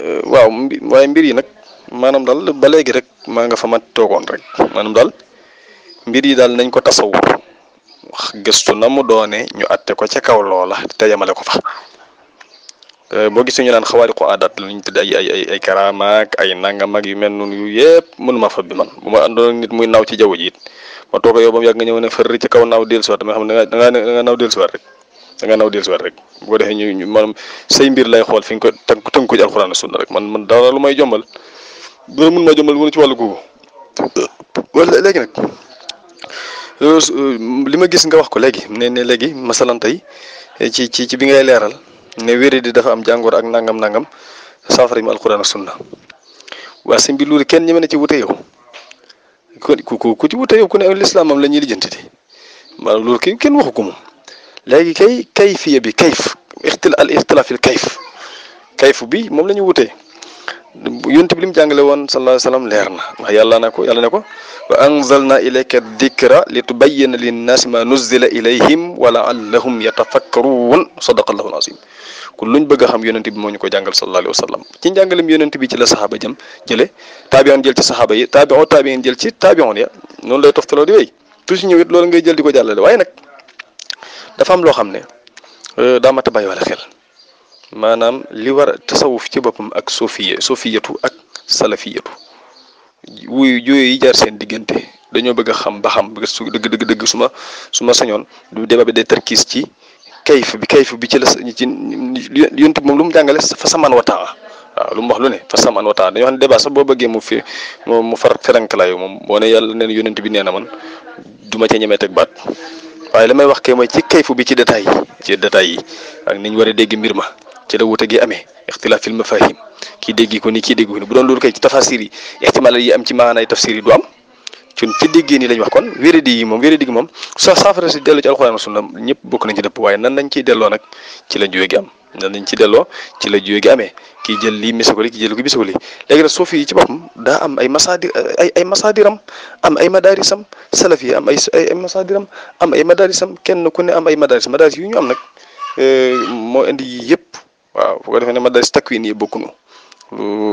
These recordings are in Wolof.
Euh, waaw waaye mbir yi nag maanaam daal ba léegi rek maa nga fa ma toogoon rek maanaam dal mbir yi daal nañ ko tasawur wax gëstu na mu doone ñu atte ko ca kaw loola te yemale ko fa euh, boo gisee ñu naan a aadaat la ñu tëdd ay ay ay ay karaamaak ay nangam ak yu mel noonu yu yëpp mënuma fa bi man bu ma nit muy naaw ci jaww ma toog yow ba nga ñëw ne fër kaw naaw dellusiwaat da ngaa da ngaa naaw dellusiwaat rek. da nga naw de si waat rek bu defee ñu ñu maanaam say mbir lay xool fi nga ko tënk tënk ko ci alxuraan sunna rek man man dara lu may jombal bu doon jombal wala ci wàllu googu léegi nag euh, li ma gis nga wax ko léegi ne ne léegi masalan tey ci ci ci bi ngay leeral ne wéri di dafa am jàngoor ak nangam nangam saafara yi mu alxuraan ak sunna waa sëñ bi loolu kenn ñeme ne ci wute yow kon ku ku ci wute yow ku ne lislaamam la ñuy lijjanti di maanaam loolu kenn waxu ko moom. léegi kay kayfiya bi kayf ixtil al ixtilaafil kayf kayf bi moom la ñu wutee yonent bi mu jàngale woon sallallahu alayhi wa na ndax yàlla na ko yàlla ne ko wa anzalna ilayka dikra li tubayyana linnaasi ma nuzzila ilayhim wa laallahum yatafakkaruun sadaqallahu alazim kon luñ bëgg a xam yonent bi moo ñu ko jàngal sallallahu alayhi wa sallam ci njàngalem yonent bi ci la saxaaba jëm jële taabiyoon jël ci saxaaba yi taabiyoon taabiyoon jël ci taabiyoon ya noonu lay toftaloo di wéy toujours ñëw ngay jël di ko jàllale waaye dafa am loo xam ne euh, daa mat a bàyyi wala xel maanaam li war a tasawuf ci boppam ak sofiye sofiyatu ak salafiyatu wuyu jooyu yi jaar seen diggante dañoo bëgg xam ba xam su dëgg dëgg dëgg su su ma sañoon du débat bi day tarkiis ci kayf bi kayf bi ci la ci yonent bi moom lu mu jàngale fa samaan wataa waaw lu mu wax lu ne fa samaan wataa dañoo xam ne débat sax boo bëggee mu fi mu far ferankalaayu moom boo yàlla neen yonent bi nee na man duma cee ñemee teg baat waaye li may wax kay mooy ci kayfu bi ci détail ci détail yi ak niñ war a dégg mbir ma ci la wuute gi amee ixtilaafil mafahim kii dégg ko ni kii dégg ko ni bu doon loolu kay ci tafasir yi ixtimaal yi am ci maanaay tafsir yi du am cun ci déggéen yi lañ wax kon wéradi yi moom wéradi gi moom soo saafara si dellu ci alxuraan sunna ñëpp bokk nañ ci dëpp waaye nan lañ ciy delloo nag ci la juwe gi am ne nañ ci delloo ci la jiwe gi amee kii jël lii misa ko li kii jël ko bisa ko li léegi nag suufi yi ci boppam daa am ay masaadir ay ay masaadiram am ay madaarisam salaf yi am ay ay masaadiram am ay madaarisam kenn ku ne am ay madaaris madaaris yu ñu am nag euh, moo indi yii yëpp waaw bu ko defee ne madaaris takwin yi bokkunu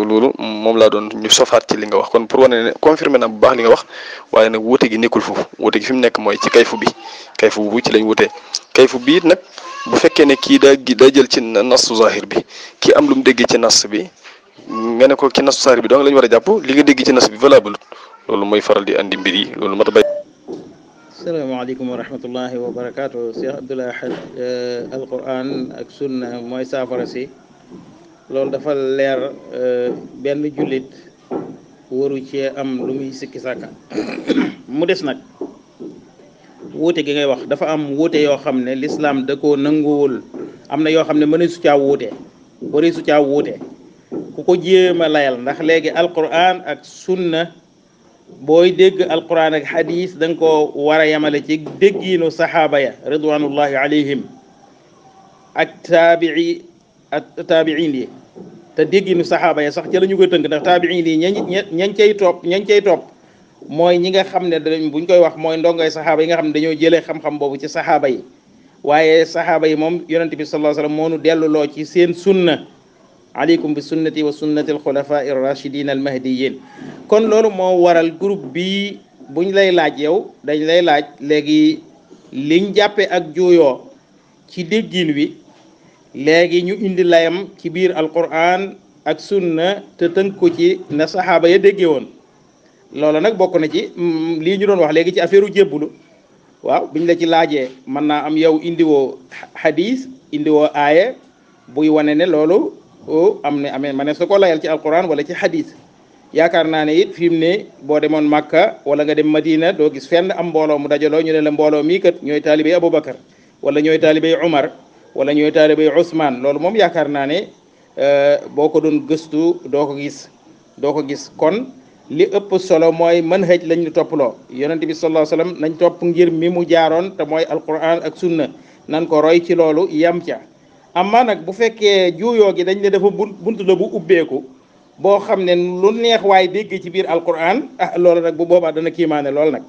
loolu moom laa doon ñu sofaat ci li nga wax kon pour wane ne confirmer na bu baax li nga wax waaye nag wuute gi nekkul foofu wuute gi fi mu nekk mooy ci kayfu bi kayfu bu ci lañ wutee kayfu bi nag bu fekkee ne kii daa daa jël ci nasu zahir bi kii am lu mu dégg ci nas bi nga ne ko ci nasu zahir bi donc la war a jàpp li nga dégg ci nas bi valable loolu mooy faral di andi mbir loolu mat a bay asalaamaaleykum wa rahmatullahi wa barakaatu Cheikh Abdoul Ahad eh, alquran ak sunna mooy saafara si loolu dafa leer eh, benn jullit waru cee am lu muy sikki sàkka mu des nag wuute gi ngay wax dafa am wuute yoo xam ne lislaam da koo nanguwul am na yoo xam ne mëne su caa wuute sutia wute caa ku ko jéem a layal ndax léegi alquran ak sunna booy dégg alquran ak xadis da ko koo war a yemale ci déggiinu saxaaba ya ridwanullahi alayhim ak taabii ak taabiin yi te déggiinu saxaaba ya sax ca la ñu koy tënk ndax taabiin yi ñañ cay topp ñañ cay topp mooy ñi nga xam ne dañ buñ koy wax mooy ndongoy saxaaba yi nga xam ne dañoo jëlee xam-xam boobu ci saxaaba yi waaye saxaaba yi moom yonente bi sallallahu alayhi wasallam moo nu delluloo ci seen sunna aleykum bi sunnati wa sunnati alxulafa irrachidin almahdiyin kon loolu moo waral group bi buñ lay laaj yow dañ lay laaj léegi liñ jàppe ak juuyoo ci déggin wi léegi ñu indi layam ci biir alquran ak sunna te tënk ko ci na saxaaba ya dégge woon loola nag bokk na ci mm, lii ñu doon wax léegi ci affaire u waaw biñ la ci laajee mën naa am yow indiwoo xadis indiwoo aaye buy wane ne loolu am na amee ma ne su ko layal ci alquran wala ci xadis yaakaar naa ne it fi mu ne boo demoon Makka wala nga dem Madina doo gis fenn am mbooloo mu dajaloo ñu ne la mbooloo mii kat ñooy taalibey Aboubacar wala ñooy taalibey Umar wala ñooy taalibey Ousmane loolu moom yaakaar naa ne euh, boo ko doon gëstu doo ko gis doo ko gis kon li ëpp solo mooy mën xëj lañ ñu topploo yonente bi sallallahu alayhi wasallam nañ topp ngir mi mu jaaroon te mooy alquran ak sunna nan ko roy ci loolu yam ca amma nag bu fekkee juuyoo gi dañ ne dafa buntu la bu ubbeeku boo xam ne lu neex waaye dégg ci biir alquran ah loolu nag bu boobaa dana kiimaane lool nag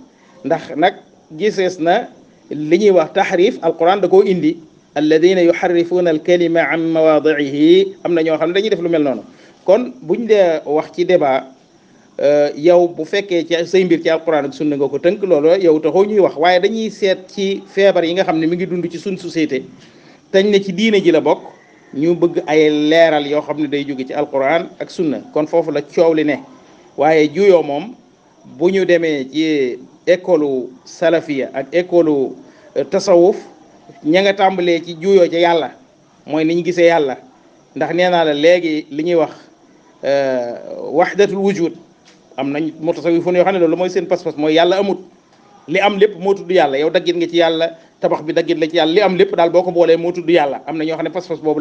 ndax nag gisees na li ñuy wax taxrif alquran da koo indi alladina yuxarrifuuna alkalima an mawaadihi am na ñoo xam ne dañuy def lu mel noonu kon buñ dee wax ci Euh, yow bu fekkee ci say mbir ci alquran ak sunna nga ko tënk loolu yow taxoo ñuy wax waaye dañuy seet ci feebar yi nga xam ne mi ngi dund ci suñ société tañ ne ci diine ji la bokk ñu bëgg ay leeral yoo xam ne day jóge ci alquran ak sunna kon foofu la coow li ne waaye juyoo moom bu ñu demee ci école salafiya ak école tasawuf ña nga tàmbalee ci juyoo ca yàlla mooy ni ñu gisee yàlla ndax nee naa la léegi li ñuy wax euh, wahdatul wujud am nañ mutasawwifoon yoo xam ne loolu mooy seen pas-pas mooy yàlla amut li am lépp moo tudd yàlla yow daggit nga ci yàlla tabax bi daggit la ci yàlla li am lépp daal boo ko boolee moo tudd yàlla am na ñoo xam ne pas-pas boobu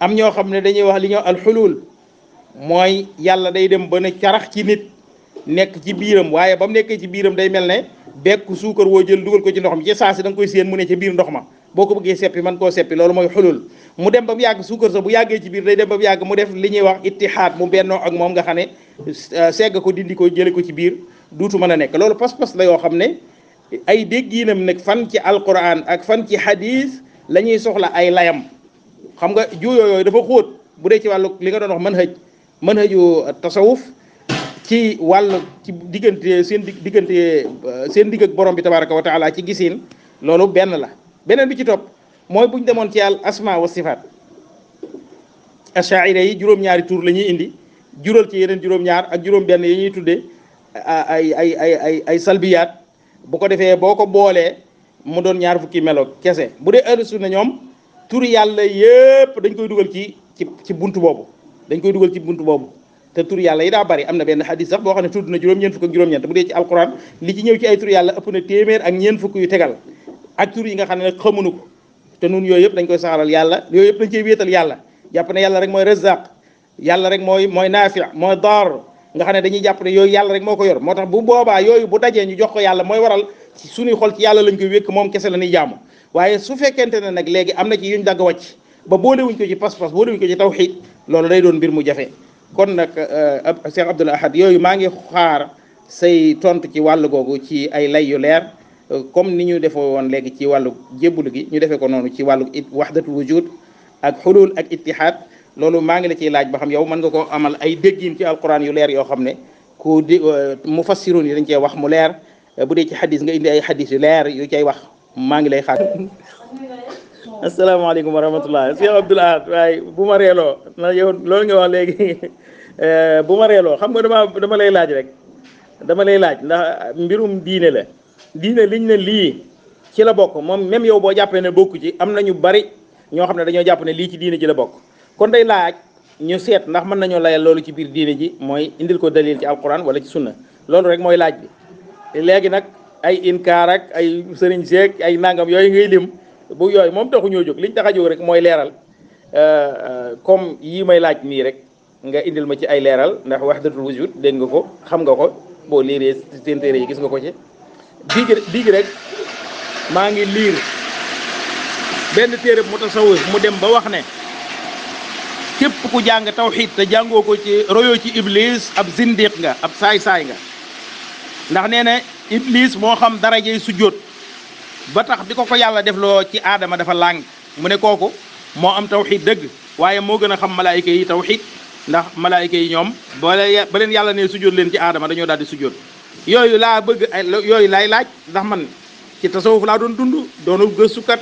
xam ne dañuy wax li ñoo alxulul mooy yàlla day dem ba ne caraax ci nit nekk ci biiram waaye ba mu nekkee ci biiram day mel ne bekk suukar woo jël dugal ko ci ndox mi ci saa si da koy séen mu ne ca biir ndox ma boo ko bëggee seppi man koo seppi loolu mooy xulul mu dem ba mu yàgg suukar sa bu yàggee ci biir day dem ba mu yàgg mu def li ñuy wax ittihaad mu bennoo ak moom nga xam ne euh, segg ko dindi ko jële ko ci biir duutu mën nekk loolu pas-pas la yoo xam ne ay déggiinam nag fan ci alquran ak fan ci hadis la ñuy soxla ay layam xam nga juuyoo dafa xóot bu dee ci wàllu li nga doon wax mën hëj mën hëju ci wàll ci diggante seen diggante euh, seen digg borom bi tabaraka wa taala ci gisin loolu benn la beneen bi ci topp mooy buñ demoon ci al asma wa sifaat ashaira yi juróom-ñaari tur la ñuy indi jural ci yeneen juróom-ñaar ak juróom-benn yi ñuy tuddee ay ay ay ay ay salbiyaat bu ko defee boo ko boolee mu doon ñaar fukki melo kese bu dee ahlu na ñoom tur yàlla yëpp dañ koy dugal ci ci ci buntu boobu dañ koy dugal ci buntu boobu te tur yàlla yi daa bari am na benn xadis sax boo xam ne tudd na juróom-ñeent fukk ak juróom-ñeent bu dee ci alquran li ci ñëw ci ay tur yàlla ëpp na téeméer ak ñeent fukk yu tegal acture yi nga xam ne nag ko te nun yooyu yëpp dañ koy saxalal yàlla yooyu yëpp dañ cey wéetal yàlla jàpp ne yàlla rek mooy razaq yàlla rek mooy mooy naafi mooy daar nga xam ne dañuy jàpp ne yooyu yàlla rek moo ko yor moo tax bu boobaa yooyu bu dajee ñu jox ko yàlla mooy waral suñuy xol ci yàlla lañ koy wékk moom kese la ñuy jaamu waaye su fekkente ne nag léegi am na ci yuñ dagg wàcc ba boolewuñ ko ci pas-pas boolewuñ ko ci tawxiid loolu day doon mbir mu jafe kon nag euh, Cheikh Abdoul Ahad yooyu maa ngi xaar say tontu ci wàll googu ci ay lay yu leer comme ni ñu defo won léegi ci walu jébul gi ñu defé ko nonu ci walu wahdatul wujud ak hulul ak ittihad lolu ma ngi la ci laaj ba xam yow man nga ko amal ay déggin ci alquran yu leer yo xamne ku mufassirun yi dañ cee wax mu leer bu dé ci hadith nga indi ay hadith yu leer yu cay wax ma ngi lay xaar. alaykum wa rahmatullah Cheikh abdul Ahad way bu ma rélo na yow lo nga wax euh bu ma rélo xam nga dama dama lay laaj rek dama lay laaj ndax mbirum diine la. diine liñ ne lii ci la bokk moom même yow boo jàppee ne bokku ci am na ñu bari ñoo xam ne dañoo jàpp ne lii ci diine ci la bokk kon day laaj ñu seet ndax mën nañoo layal loolu ci biir diine ji mooy indil ko dalil ci alquran wala ci sunna loolu rek mooy laaj bi léegi nag ay inkaarak ay sëriñ seek ay nangam yooyu ngay lim bu yooyu moom taxu ñoo jóg liñ tax a jóg rek mooy leeral comme yii may laaj nii rek nga indil ma ci ay leeral ndax wahdatul wujud dégg nga ko xam nga ko boo liiree seen yi gis nga ko ci bii bii rek maa ngi liir benn téere mu tasawuf mu dem ba wax ne képp ku jàng tawxiid te jàngoo ko ci royoo ci iblis ab zindiq nga ab saay-saay nga ndax nee na iblis moo xam dara darajey sujjóot ba tax di ko ko yàlla def loo ci aadama dafa làng mu ne kooku moo am tawxiid dëgg waaye moo gën a xam malaayika yi tawxiid ndax malaayika yi ñoom ba leen yàlla ne sujjóot leen ci aadama dañoo daal di sujjóot yooyu laa bëgg ay yooyu lay laaj ndax man ci tasawuf laa doon dund doonu gëstukat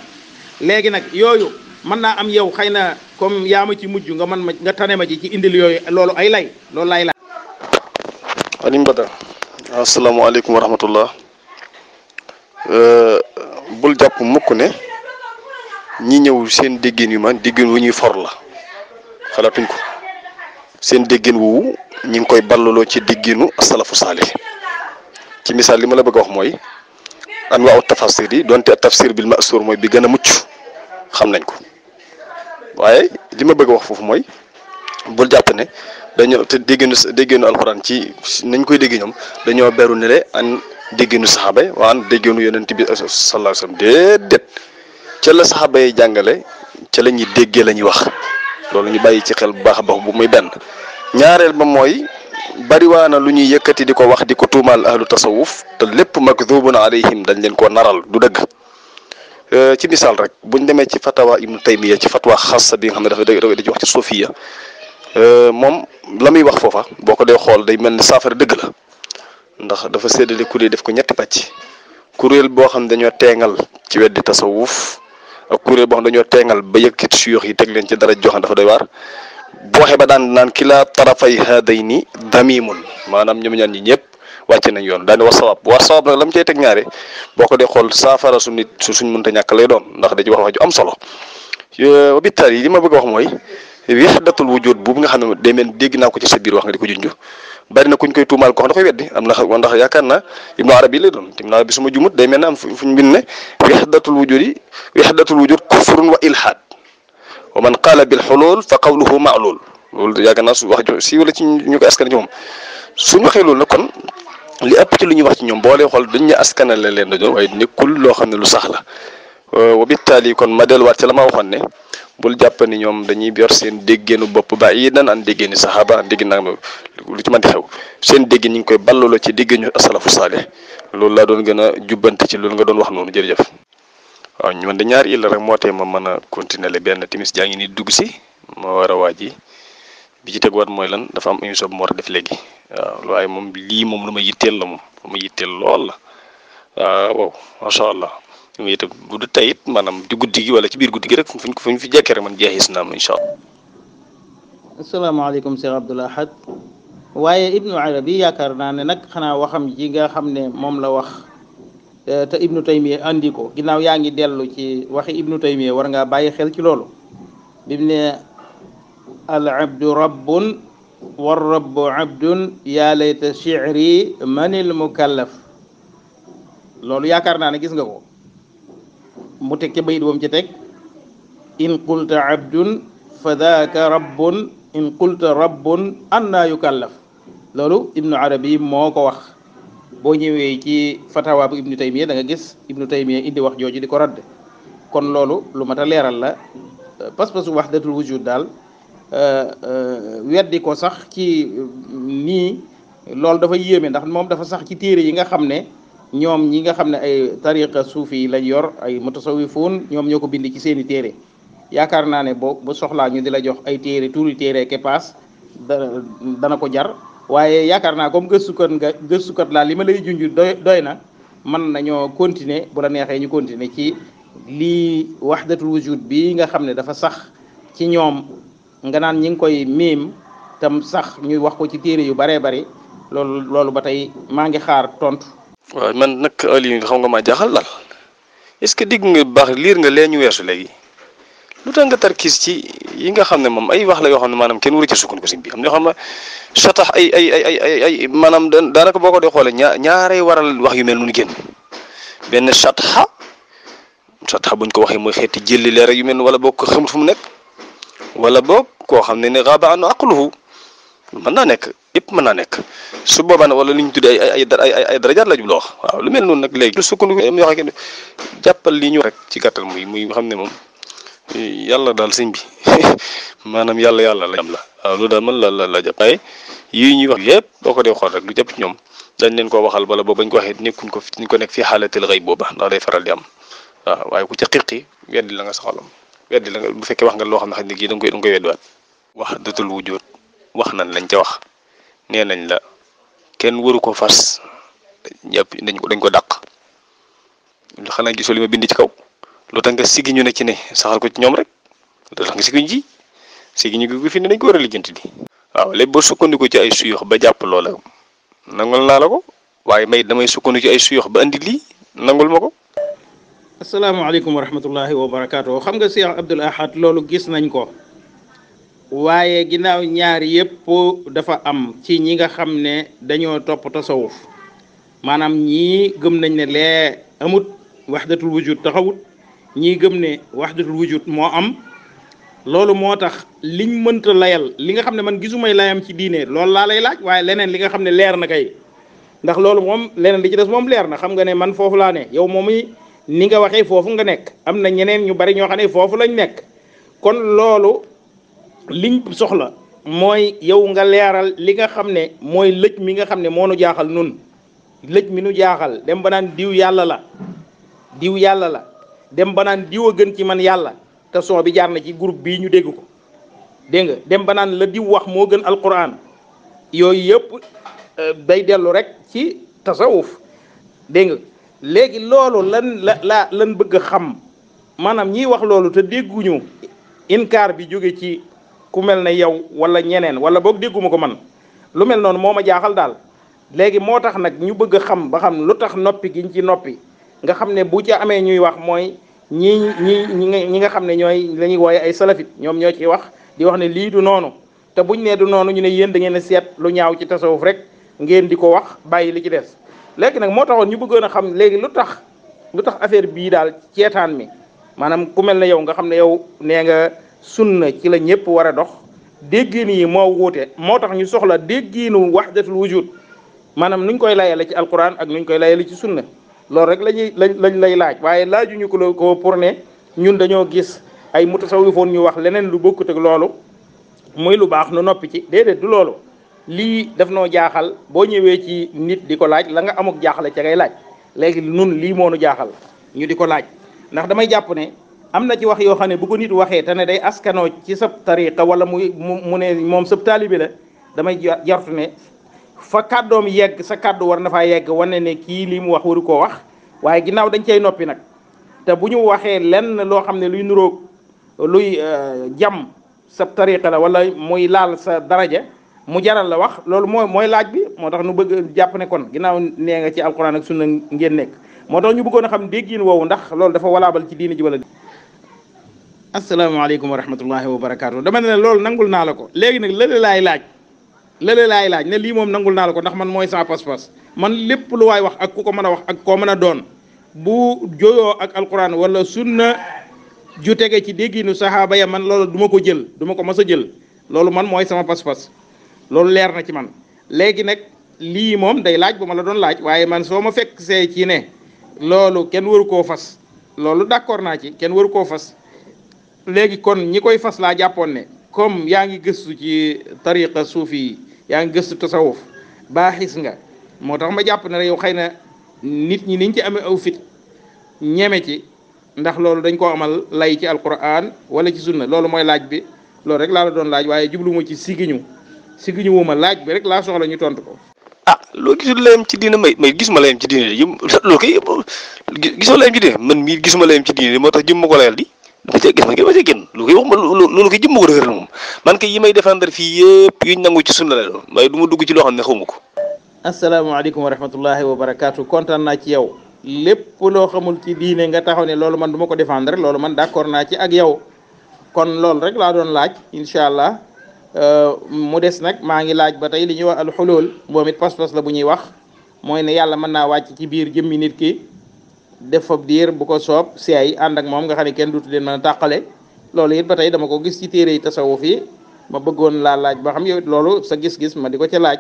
léegi nag yooyu mën naa am yow xëy na comme yaa ma ci mujj nga man ma nga tane ma ci ci indil yooyu loolu ay lay loolu laay laaj. Alioune Badara. asalaamaaleykum wa rahmatullah euh, bul jàpp mukk ne ñi ñëw seen déggin yu man déggin wu ñuy for la xalaatuñ ko seen déggin wu ñu ngi koy balluloo ci dégginu asalafu saalih ci misal li ma la bëgg wax moy an wa tafsir yi donte tafsir bil ma'sur moy bi gëna muccu xam nañ ko waye li ma bëgg wax fofu moy bu japp ne dañu te degenu dégginu ci nañ koy degi ñom dañu beru ne le an degenu nus wa waan degenu yonent bi sallallahu alayhi wasallam déedéet ci la saxaaba yi jangale ca la ñuy déggee wax loolu ñu bayyi ci xel bu baax baax bu muy ben ñaarel ba moy bariwaana lu ñuy yëkkati di ko wax di ko tuumaal ahlu tasawuf te lépp makdubun alayhim dañ leen ko naral du dëgg euh, ci misaal rek buñ demee ci fatawa ibnu taymiya ci fatwa xas bi nga xam ne dafa da ci wax ci sofiya euh, moom la muy wax foofa boo ko dee xool day mel ni saafara dëgg la ndax dafa séddale kuréel def ko ñetti pàcc kuréel boo xam dañoo teengal ci weddi tasawuf ak kuréel boo xam dañoo teengal ba yëkkit suyux yi teg leen ci dara joxan dafa doy waar buah xeba dan nan kila tarafay hadaini damimun manam ñom ñan ñi ñëpp wàcc nañ yoon wasab wa sawab wa sawab nak lam cey tek ñaare boko ko xol safara su nit su suñ mënta ñak lay doon ndax da ci wax wax ju am solo wa bittaar yi li ma bëgg wax moy wahdatul wujud bu nga xam ne day mel ko ci sa bir wax nga diko ko bari na kuñ koy tumal ko weddi am na ndax yaakaar ibnu arab lay doon timna bi suma jumut day mel am fuñ binne wahdatul wujud wahdatul wujud kufrun wa ilhad wa man qaala bil xulul fa qawluhu ma'lul loolu yàgg naa su wax si wala ci ñu ko askan ci moom suñu waxee loolu nag kon li ëpp ci lu ñuy wax ci ñoom boo dee xool duñ ñu askanale leen dañoo waaye nekkul loo xam ne lu sax la euh, wa bittaali kon ma delluwaat ci la ma waxoon ne bul jàpp ñoom dañuy yor seen déggeenu bopp ba yi nan an déggee ni saxaaba an dégg nag lu ci mën di xew seen dégg ñi ngi koy ballooloo ci dégg ñu asalafu saalih loolu laa doon gën a jubbante ci loolu nga doon wax noonu jëf waaw ñu man de ñaari illa rek moo tee ma mën continuer le ben timis jangi ni dugg ci mo wara waji bi ci teguwaat moy lan dafa am émission bu ma war a def léegi waaw waaye moom lii mom luma yittel yitteel la moom lu ma yitteel lool la waaw macha allah lu yitt bu du tayit manam di guddi gi wala ci bir guddi gi rek fuñ fuñ fi jekkee rek man jeexis na ma insha allah. assalamu alaykum Cheikh Abdoul Ahad waye Ibnu Arabi yaakaar ne nak xana waxam ji nga xamné mom la wax. te ibnu taymiya andi ko ginnaaw yaa ngi dellu ci waxi ibnu taymiya war ngaa bàyyi xel ci loolu bi ne al abdu rabbun war rabbu abdun yaa layta shi'ri manil mukallaf loolu yaakaar naa ne gis nga ko mu teg ca bayit boom ci teg in qulta abdun fa daaka rabbun in qulta rabbun anna yukallaf loolu ibnu arabi moo ko wax boo ñëwee ci fatawa bu ibnu taymiya da nga gis ibnu taymiya indi wax jooju di ko radd kon loolu lu mat a leeral la pas-pasu wahdatul wujud daal euh, euh, weddi ko sax ci euh, nii loolu dafa yéeme ndax moom dafa sax ci téere yi nga xam ne ñoom ñi nga xam ne ay tariqa suufi lañ yor ay mutasawifuun ñoom ñoo ko bind ci seeni téere yaakaar naa ne boo bu soxlaa ñu di la jox ay téere tuuri téere kepaas dana ko jar waaye yaakaar naa comme gëstukat nga gëstukat laa li ma lay junj doy doy na mën nañoo continuer bu la neexee ñu continuer ci lii wax wahdatul wujud bi nga xam ne dafa sax ci ñoom nga naan ñi ngi koy miim tam sax ñu wax ko ci téere yu baree bari loolu loolu ba tey maa ngi xaar tontu. waaw man nag Aliou xam nga maa jaxal daal est-ce que digg nga baax liir nga lee ñu weesu léegi. lu tax nga tarkiis ci yi nga xam ne moom ay wax la yoo xam ne maanaam kenn waru ci sukkandiku sëñ bi am na yoo xam ne ay ay ay ay ay maanaam daanaka boo ko dee xoolee ñaar ñaaree waral wax yu mel noonu génn benn sataxa sataxa buñ ko waxee mooy xeeti jëlli leer yu mel noonu wala boog ko xamul fu mu nekk wala boog koo xam ne ne xaaba anu aqluhu mën naa nekk yëpp mën naa nekk su boobaa nag wala li ñu tuddee ay ay ay ay la ñu wax lu mel noonu nag léegi. lu sukkandiku yoo xam jàppal li ñu rek ci gàttal muy muy xam ne moom. yàlla daal sëñ bi maanaam yàlla yàlla la jàpp la waaw loolu daal man la la la jàpp waaye yii ñuy wax yëpp boo ko dee xool rek lu jàpp ci ñoom dañ leen ko waxal bala boobu bañ ko waxee nekkuñ ko fi ñu ko nekk fii xaalatil rëy booba ndax day faral di am waaw waaye ku ca xiqi weddi la nga soxalam weddi la nga bu fekkee wax nga loo xam ne xaj ne kii da nga koy da nga koy weddiwaat wax datul wax nañ lañ ca wax nee nañ la kenn waru ko fas jàpp dañ ko dañ ko dàq xanaa gisoo li ma bind ci kaw lu tax nga sigi ñu ci ne saxal ko ci ñoom rek lu dañ ko war a lijjanti ci ay suyox ba jàpp loola naa la ko waaye may damay sukkandiku ay suyox ba andi lii nangul ma ko. asalaamaaleykum wa rahmatullahi wa barakaatu xam nga Cheikh Abdoul Ahad loolu gis nañ ko waaye ginnaaw ñaar yëpp dafa am ci ñi nga xam ne dañoo topp tasawuf maanaam ñii gëm nañ ne lee amut waxdatul wujud taxawut. ñii gëm ne wahdatul wujud moo am loolu moo tax liñ mënta layal li nga xam ne man gisumay layam ci diine loolu laa lay laaj waaye leneen li nga xam ne leer na kay ndax loolu moom leneen li ci des moom leer na xam nga ne man foofu laa ne yow moom ni nga waxee foofu nga nekk am na ñeneen ñu bari ñoo xam ne foofu lañ nekk kon loolu liñ soxla mooy yow nga leeral li nga xam ne mooy lëj mi nga xam ne moo nu jaaxal nun lëj mi nu jaaxal dem banaan diw yàlla la diw yàlla la dem ba naan diw a gën ci man yàlla te son bi jaar na ci groupe bii ñu dégg ko dégg nga dem banaan la diw wax moo gën alquran yooyu yëpp euh, day dellu rek ci tasawuf dégg nga léegi loolu lan la la lan bëgg xam maanaam ñiy wax loolu te dégguñu inkaar bi jóge ci ku mel ne yow wala ñeneen wala boog dégguma ko man lu mel noonu moo ma jaaxal daal léegi moo tax nag ñu bëgg a xam ba xam lu tax noppi giñ ci noppi nga xam ne bu ci amee ñuy wax mooy ñi ñi ñi nga xam ne ñooy la ñuy wooye ay salafit ñoom ñoo ciy wax di wax ne lii du noonu te buñ nee du noonu ñu ne yéen da ngeen a seet lu ñaaw ci tasawuf rek ngeen di ko wax bàyyi li ci des léegi nag moo taxoon ñu bëggoon a xam léegi lu tax lu tax affaire bii daal ceetaan mi maanaam ku mel ne yow nga xam ne yow nee nga sunna ci la ñëpp war a dox déggin yi moo wuute moo tax ñu soxla dégginu wahdatul wujud maanaam nuñ koy layale ci alquran ak nuñ koy layale ci sunna loolu rek lañuy lañ lañ lay laaj waaye laajuñu ko ko pour ne ñun dañoo gis ay mutasawifoon ñu wax leneen lu bokkut ak loolu muy lu baax nu noppi ci déedéet du loolu lii def noo jaaxal boo ñëwee ci nit di ko laaj la nga amuk jaaxle ca ngay laaj léegi nun lii moonu jaaxal ñu di ko laaj ndax damay jàpp ne am na ci wax yoo xam ne bu ko nit waxee te ne day askanoo ci sab tariqa wala mu mu ne moom sab taalibi la damay jartu ne fa kàddoom yegg sa kàddu war na faa yegg wane ne kii li mu wax waru koo wax waaye ginnaaw dañ cay noppi nag te bu ñu waxee lenn loo xam ne luy nuroog luy euh, jam sa tariqa la wala muy laal sa daraja mu jaral la wax loolu mooy mooy laaj bi moo tax nu bëgg jàpp ne kon ginnaaw nee nga ci alquran ak sunna ngeen nekk moo tax ñu bëggoon a xam déggin woowu ndax loolu dafa walaabal ci diini ji wala asalaamaaleykum wa rahmatullahi wa barakaatu dama ne loolu nangul naa la ko léegi nag lële laay laaj lële laay laaj ne lii moom nangul naa la ko man lépp lu waay wax ak ku ko mën a wax ak koo mën a doon bu joyoo ak alquran wala sunna ju tege ci dégginu saxaaba ya man loolu du ko jël du ko mas a jël loolu man mooy sama loolu leer na ci man léegi nag lii moom day laaj bu ma la doon laaj waaye man soo ma fekk see ci ne loolu kenn waru koo fas loolu d'accord naa ci kenn waru koo fas léegi kon ñi koy fas laa jàppoon ne comme yaa ngi gëstu ci tariqa suufi yi yaa ngi gëstu tasawuf baaxis nga moo tax ma jàpp na ne yow xay na nit ñi niñ ci amee aw fit ñeme ci ndax loolu dañ koo amal lay ci alquran wala ci sunna loolu mooy laaj bi loolu rek laa doon laaj waaye jubluwuma ci sigiñu sigiñu wu ma laaj bi rek laa soxla ñu tontu ko. ah loo gisul layam ci diine may may gisuma layam ci de yëpp loolu kay gisoo layam ci diine man mii gisuma layam ci diine moo tax jëm ma ko layal di. dafa cee gis na lu koy wax ma loolu koy jëmm moom man kay yi may défendre fii yëpp yuñ nangu ci suñ la doon waaye du ma dugg ci loo xam ne xawma ko asalaamaaleykum wa rahmatullahi wa barakaatu kontaan naa ci yow lépp loo xamul ci diine nga taxaw ne loolu man du ma ko défendre loolu man d'accord naa ci ak yow kon loolu rek laa doon laaj incha allah euh, mu des nag maa ngi laaj ba tey li ñuy wax alxulool moom it pas la bu ñuy wax mooy ne yàlla mën naa wàcc ci biir jëmmi nit ki def fab diir bu ko soob si ay ànd ak moom nga xam ne kenn duutu leen mën a tàqale loolu it ba tey dama ko gis ci téere yi tasawuf yi ma bëggoon laa laaj ba xam yow loolu sa gis-gis ma di ko ca laaj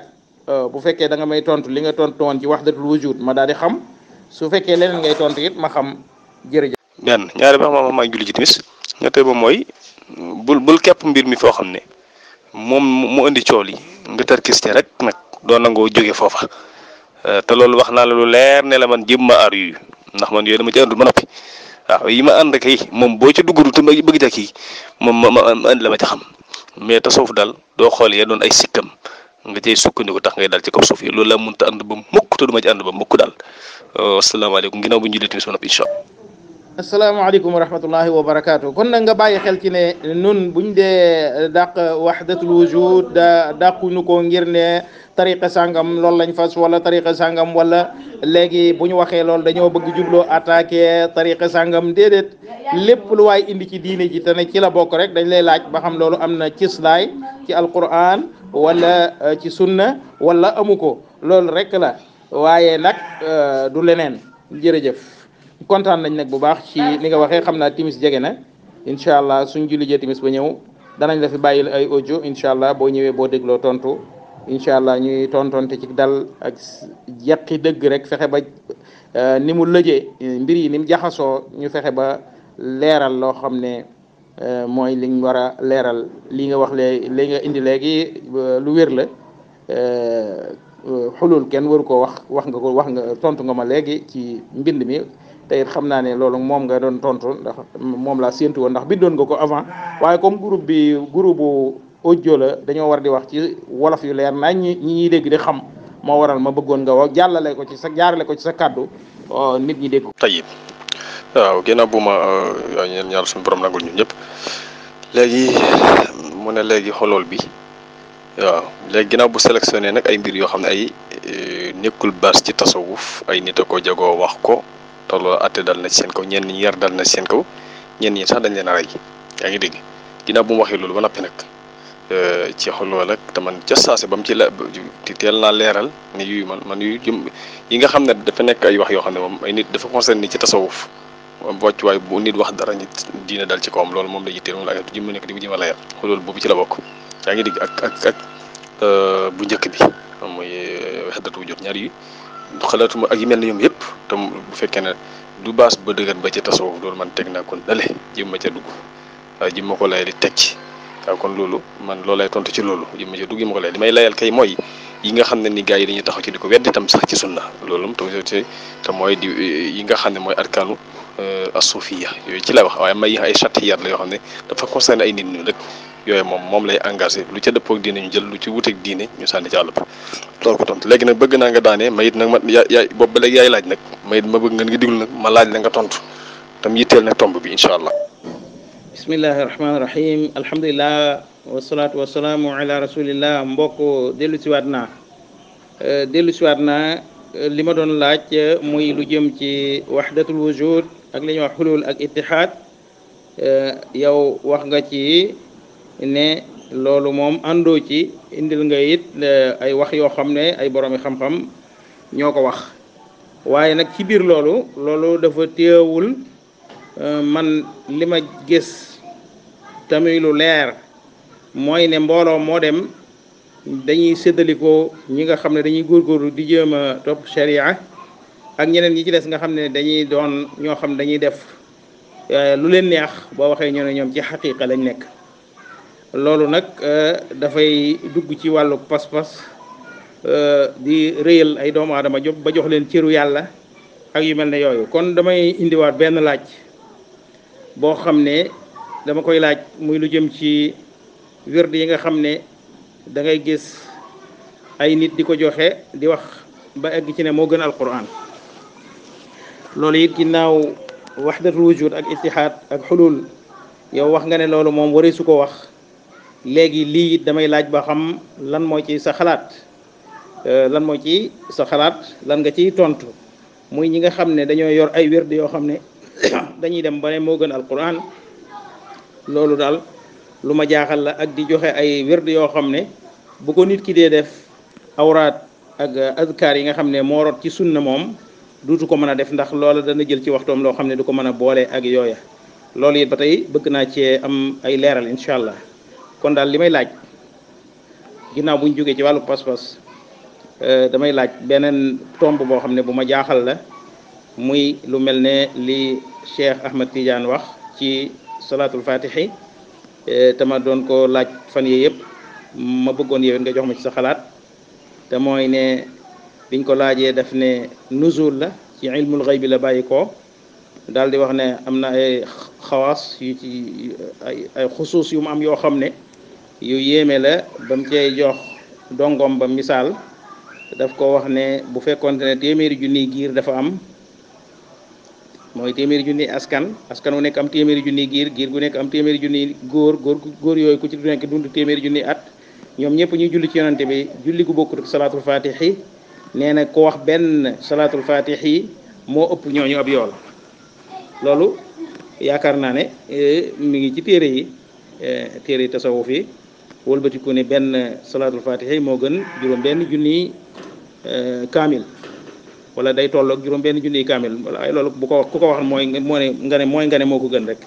euh, bu fekkee da nga may tontu li nga tontu woon ci wahdatul wujud ma daal di xam su fekkee leneen ngay tontu it ma xam jërëjëf. benn ñaari ba ma may julli ci timis ñetteel ba mooy bul bul képp mbir mi foo xam ne moom mu indi cool yi nga tarkis ci rek nag doo nangoo jóge foofa euh, te loolu wax naa la lu leer ne la man jëm ma ndax man yooyu dama ci àndul ma noppi waaw yi ma ànd kay moom boo ci duggadu te bëgg ca kii moom ma ma and la ma ca xam mais tasawuf daal doo xool ya doon ay sikkam nga cay sukkandiku tax ngay dal ci kaw suuf yi loolu laa mënta ànd ba mukk te du ma ci ànd ba mukk daal wasalaamaaleykum ginnaaw bu ñu jullee tamit sama nopp incha allah asalaamaaleykum wa rahmatullahi wa barakaatu kon nag nga bàyyi xel ci ne nun buñ dee dàq wahdatul wujud da dàquñu ko ngir ne tariqa sangam loolu lañ fas wala tariqa sàngam wala léegi bu ñu waxee loolu dañoo bëgg jubloo attaqué tariqa sàngam déedéet lépp lu waay indi ci diine ji te ne ci la bokk rek dañ lay laaj ba xam loolu am na cislaay ci alquran wala euh, ci sunna wala amu ko loolu rek la waaye nag euh, du leneen jërëjëf kontaan nañ nag bu baax ci li nga waxee xam naa timis jege na incha allah suñ julli jee timis ba ñëw danañ la fi la ay ojo incha allah boo ñëwee boo dégloo tontu incha allah ñuy tontonte ci dal ak yàqi dëgg rek fexe ba euh, ni mu lëjee mbir yi nim jaxasoo ñu fexe ba leeral loo xam ne euh, mooy liñ war a leeral li nga wax léegi li nga indi léegi euh, lu wér la xulul kenn waru ko wax wax nga ko wax nga tontu nga ma léegi ci mbind mi te xam naa ne loolu moom nga doon tontu ndax moom laa séentu woon ndax bindoon nga ko avant waaye comme groupe bi groupe bu audio la dañoo war di wax ci wolof yu leer naa ñi ñuy dégg di xam moo waral ma bëggoon nga wax jàllale ko ci sa jaarale ko ci sa kàddu euh, nit ñi dégg. tey waaw ginnaaw bu ma euh, ñaar suñu borom nangul ñun ñëpp léegi mu léegi xolool bi waaw léegi ginnaaw bu sélectionné nag ay mbir yoo xam ne ay euh, nekkul baas ci tasawuf ay nit ko jagoo wax ko. tolo até dal na sen ko ñen yar dal na sen ko ñen ñenn ñi sax dañ leen ray ya ngi dig dina bu waxe lolu ba nopi nak euh ci xol loola te man ci saase bam ci ti tel na leral ni yu man man yu yi nga xamne dafa nek ay wax yo xamne mom ay nit dafa concerne ci tasawuf wàcc way bu nit wax dara nit dina dal ci kawam lolu mom la yitté moom la ak jëm nek di ko jëma layal xolol boobu ci la bok ya ngi dig ak ak ak euh bu ñëk bi mooy eh, waxdatu jot ñaar yi xalaatuma ak yi mel na ñoom yëpp te bu fekkee ne du baas ba dëgër ba ci tasawuf loolu man teg naa kon dale jëm ma ca dugg waaye jëm ma ko lay li teg ci kon loolu man loolu lay tontu ci loolu jëm ma ca dugg yi ma ko lay li may layal kay mooy yi nga xam ne ni gaa yi dañuy taxaw ci di ko weddi tam sax ci sunna loolu tam te mooy di yi nga xam ne mooy arkaanu assufiya yooyu ci lay wax waaye may ay chatiyaat la yoo xam ne dafa concerné ay nit ñu rek yooyu moom moom lay engagé lu ca dëppoog diine ñu jël lu ci wuteeg diine ñu sànni ci àll ba loolu ko tontu léegi nag bëgg naa nga daanee mayit nag ma yaa yaay boobu ba léegi yaay laaj nag mayit ma bëgg nga nga diglu nag ma laaj la nga tontu tam yitteel nag tomb bi incha allah bismillahi rahmaani rahim alhamdulilah wasalaatu wasalaamu ala rasulillah mbokk dellu siwaat naa dellu siwaat naa li ma doon laaj muy lu jëm ci waxdatul wujud ak li ñuy wax xulul ak ittihaad eh, yow wax nga ci ne loolu moom àndoo ci indil nga it eh, ay wax yoo xam ne ay boroomi xam-xam ñoo ko wax waaye nag ci biir loolu loolu dafa téewul eh, man li ma gis tamit lu leer mooy ne mbooloo moo dem dañuy seddalikoo ñi nga xam ne dañuy góorgóorlu di jéem a topp sharia ak ñeneen ñi ci des nga xam ne dañuy doon ñoo xam dañuy def euh, lu leen neex boo waxee ñoo ne ñoom ci xaqiqa lañu nekk loolu nag euh, dafay dugg ci wàllu pas-pas euh, di rëyal ay doomu aadama jox ba jox leen cëru yàlla ak yu mel ne yooyu kon damay indiwaat benn laaj boo xam ne dama koy laaj muy lu jëm ci werd yi nga xam ne da ngay gis ay nit di ko joxe di wax ba egg ci ne moo gën alquran loolu it ginnaaw waxdatul wujud ak ittihaad ak xulul yow wax nga ne loolu moom waree su ko wax léegi lii it damay laaj ba xam lan moo ci sa xalaat lan moo ci sa xalaat lan nga ciy tontu muy ñi nga xam ne dañoo yor ay wérd yoo xam ne dañuy dem ba ne moo gën alquran loolu daal lu ma jaaxal la ak di joxe ay wérd yoo xam ne bu ko nit ki dee def awraat ak azkar yi nga xam ne moo rot ci sunna moom duutu ko mën a def ndax loola dana jël ci waxtoom loo xam ne du ko mën a boole ak yooya loolu it ba tey bëgg naa cee am ay leeral incha allah kon daal li may laaj ginnaaw buñ jógee ci wàllu pas-pas euh, damay laaj beneen tomb boo xam ne bu ma jaaxal la muy lu mel ne li Cheikh Ahmed Tidiane wax ci salaatul fatihi euh, te ma doon ko laaj fan yii yëpp ma bëggoon yow nga jox ma ci sa xalaat te mooy ne. biñ ko laajee daf ne nuzul la ci ilmul xëy bi la bàyyi ko daldi wax ne am na ay xawaas yu ci ay xusuus yu mu am yoo xam ne yu yéeme la ba mu cay jox dongom ba misaal daf ko wax ne bu fekkonte ne téeméeri junniy giir dafa am mooy téeméeri junni askan askan wu nekk am téeméeri junni giir giir gu nekk am téeméeri junniy góor góor góor yooyu ku ci du nekk dund téeméeri junniy at ñoom ñëpp ñuy julli ci yonante bi julli gu bokkut salaatul faatihi nee na ku wax benn salaatul fatix yi moo ëpp ñooñu ab yool loolu yaakaar naa ne eh, mu ngi ci téere yi eh, téere yi tasawuf yi wëlbatiku ni benn salaatul fatix yi moo gën juróom benn junniy eh, kaamil wala day tolloog juróom benn junniy kaamil wala ay loolu bu ko wax ku ko wax mooy moo nga ne mooy nga ne moo ko gën rek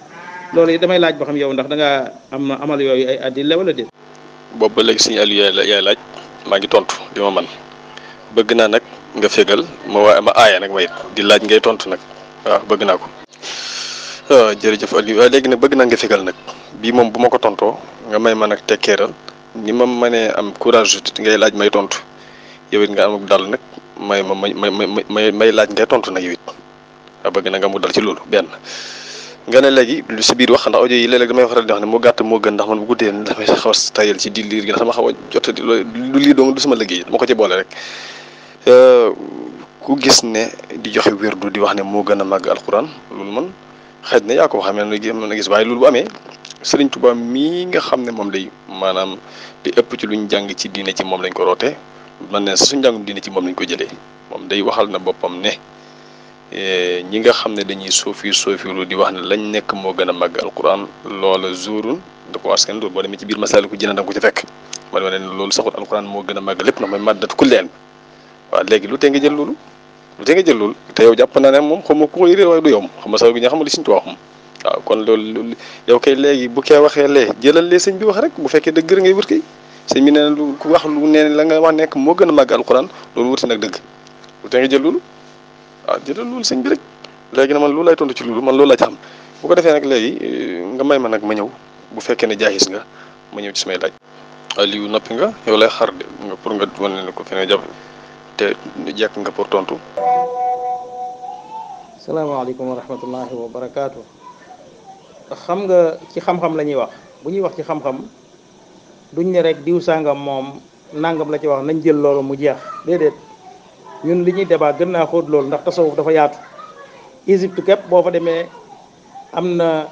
loolu damay laaj ba xam yow ndax dangaa ngaa am amal yooyu ay addil la wala déet boobu ba léegi suñu yaay laaj maa ngi tontu li ma man bëgg naa nag nga fegal ma waa ma aaya nag ma di laaj ngay tontu nag waaw bëgg naa ko. waaw ah, jërëjëf Aliou waaye ah, léegi nag bëgg naa nga fégal nag bii moom bu ma ko tontoo nga may ma nag tekkeeral ni ma mënee am courage ngay laaj may tontu yow it nga am dal nag may ma may may may laaj ngay tontu nag yow it ah, bëgg na nga mu dal ci loolu benn. nga ne léegi lu si biir wax ndax audio yi léeg-léeg damay faral di wax ne moo gàtt moo gën ndax man bu guddee damay xaw a tayal ci di liir sama xaw a jot lu lii dong du sama liggéey dama ko ci boole rek Euh, ku gis ne di joxe wérdu di wax ne moo gën a màgg alxuraan loolu man xëy na yaa ko xamee mën na gis waaye loolu bu amee Sëriñ Tuubaa mii nga xam ne moom day maanaam di ëpp ci luñ jàng ci diine ci moom lañ ko roote man ne suñ jàngum diine ci moom lañ ko jëlee moom day waxal na boppam ne eh, ñi nga xam ne dañuy soofi soofilu di wax ne lañ nekk moo gën a màgg alxuraan loola zuurun da ko askan loolu boo demee ci biir masaali ko jëna ko ci fekk man ma ne loolu saxul alxuraan moo gën a màgg lépp na mooy màddat ku leen waaw léegi lu tee nga jël lu tee nga jël te yow jàpp naa ne moom xaw ma ku koy réer waaye du yomb xam nga sax xam li suñ tuwaa xam waaw kon loolu yow kay léegi bu kee waxee lee jëlal lee sëñ bi wax rek bu fekkee dëgg ngay wut kay sëñ bi nee na lu ku wax lu nee la nga wax nekk moo gën a màgg alxuraan loolu wuti nag dëgg lu tee nga jël jëlal loolu sëñ bi rek léegi na man loolu lay tontu ci loolu man loolu laa ci xam boo ko defee nag léegi euh, nga may ma nag ma ñëw bu fekkee ne jaayis nga ma ñëw ci samay laaj Aliou noppi nga yow lay xar de nga pour nga wane ne ko feneen jàpp te jekk nga pour tontu. salaamaaleykum wa rahmatullahi wa barakaatu. xam nga ci xam-xam la ñuy wax bu ñuy wax ci xam-xam duñ ne rek diw sàngam moom nangam la ci wax nañ jël loolu mu jeex déedéet ñun li ñuy débat gën naa xóot loolu ndax tasawuf dafa yaatu. Égypte képp boo fa demee am na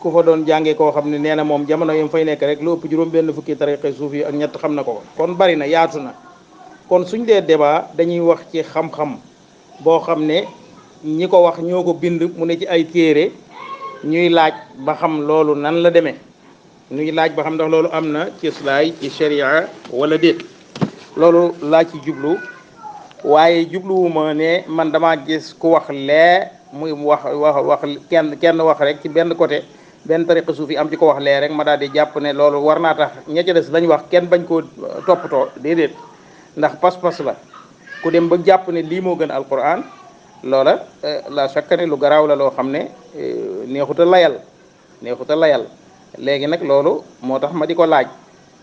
ku fa doon jàngee koo xam ne nee na moom jamono yam fay nekk rek lu ëpp juróom benn fukki tariqa suuf yi ak ñett xam na ko kon bari na yaatu na. kon suñ lee demaa dañuy wax ci xam-xam boo xam ne ñi ko wax ñoo ko bind mu ne ci ay téere ñuy laaj ba xam loolu nan la demee ñuy laaj ba xam ndax loolu am na ci islaay ci sharia wala déet loolu laa ci jublu waaye jubluwuma ne man damaa gis ku wax lee muy wax wax wax kenn kenn wax rek ci benn côté benn tariqa suufi am ci ko wax lee rek ma daal di jàpp ne loolu war naa tax ña ca des lañ wax kenn bañ koo toppatoo déedéet ndax pas-pas la ku dem ba japp ne li mo gën alquran lola eh, la chaque ne lu graw la lo xamne eh, neexuta layal neexuta layal legi nak lolu motax ma diko laaj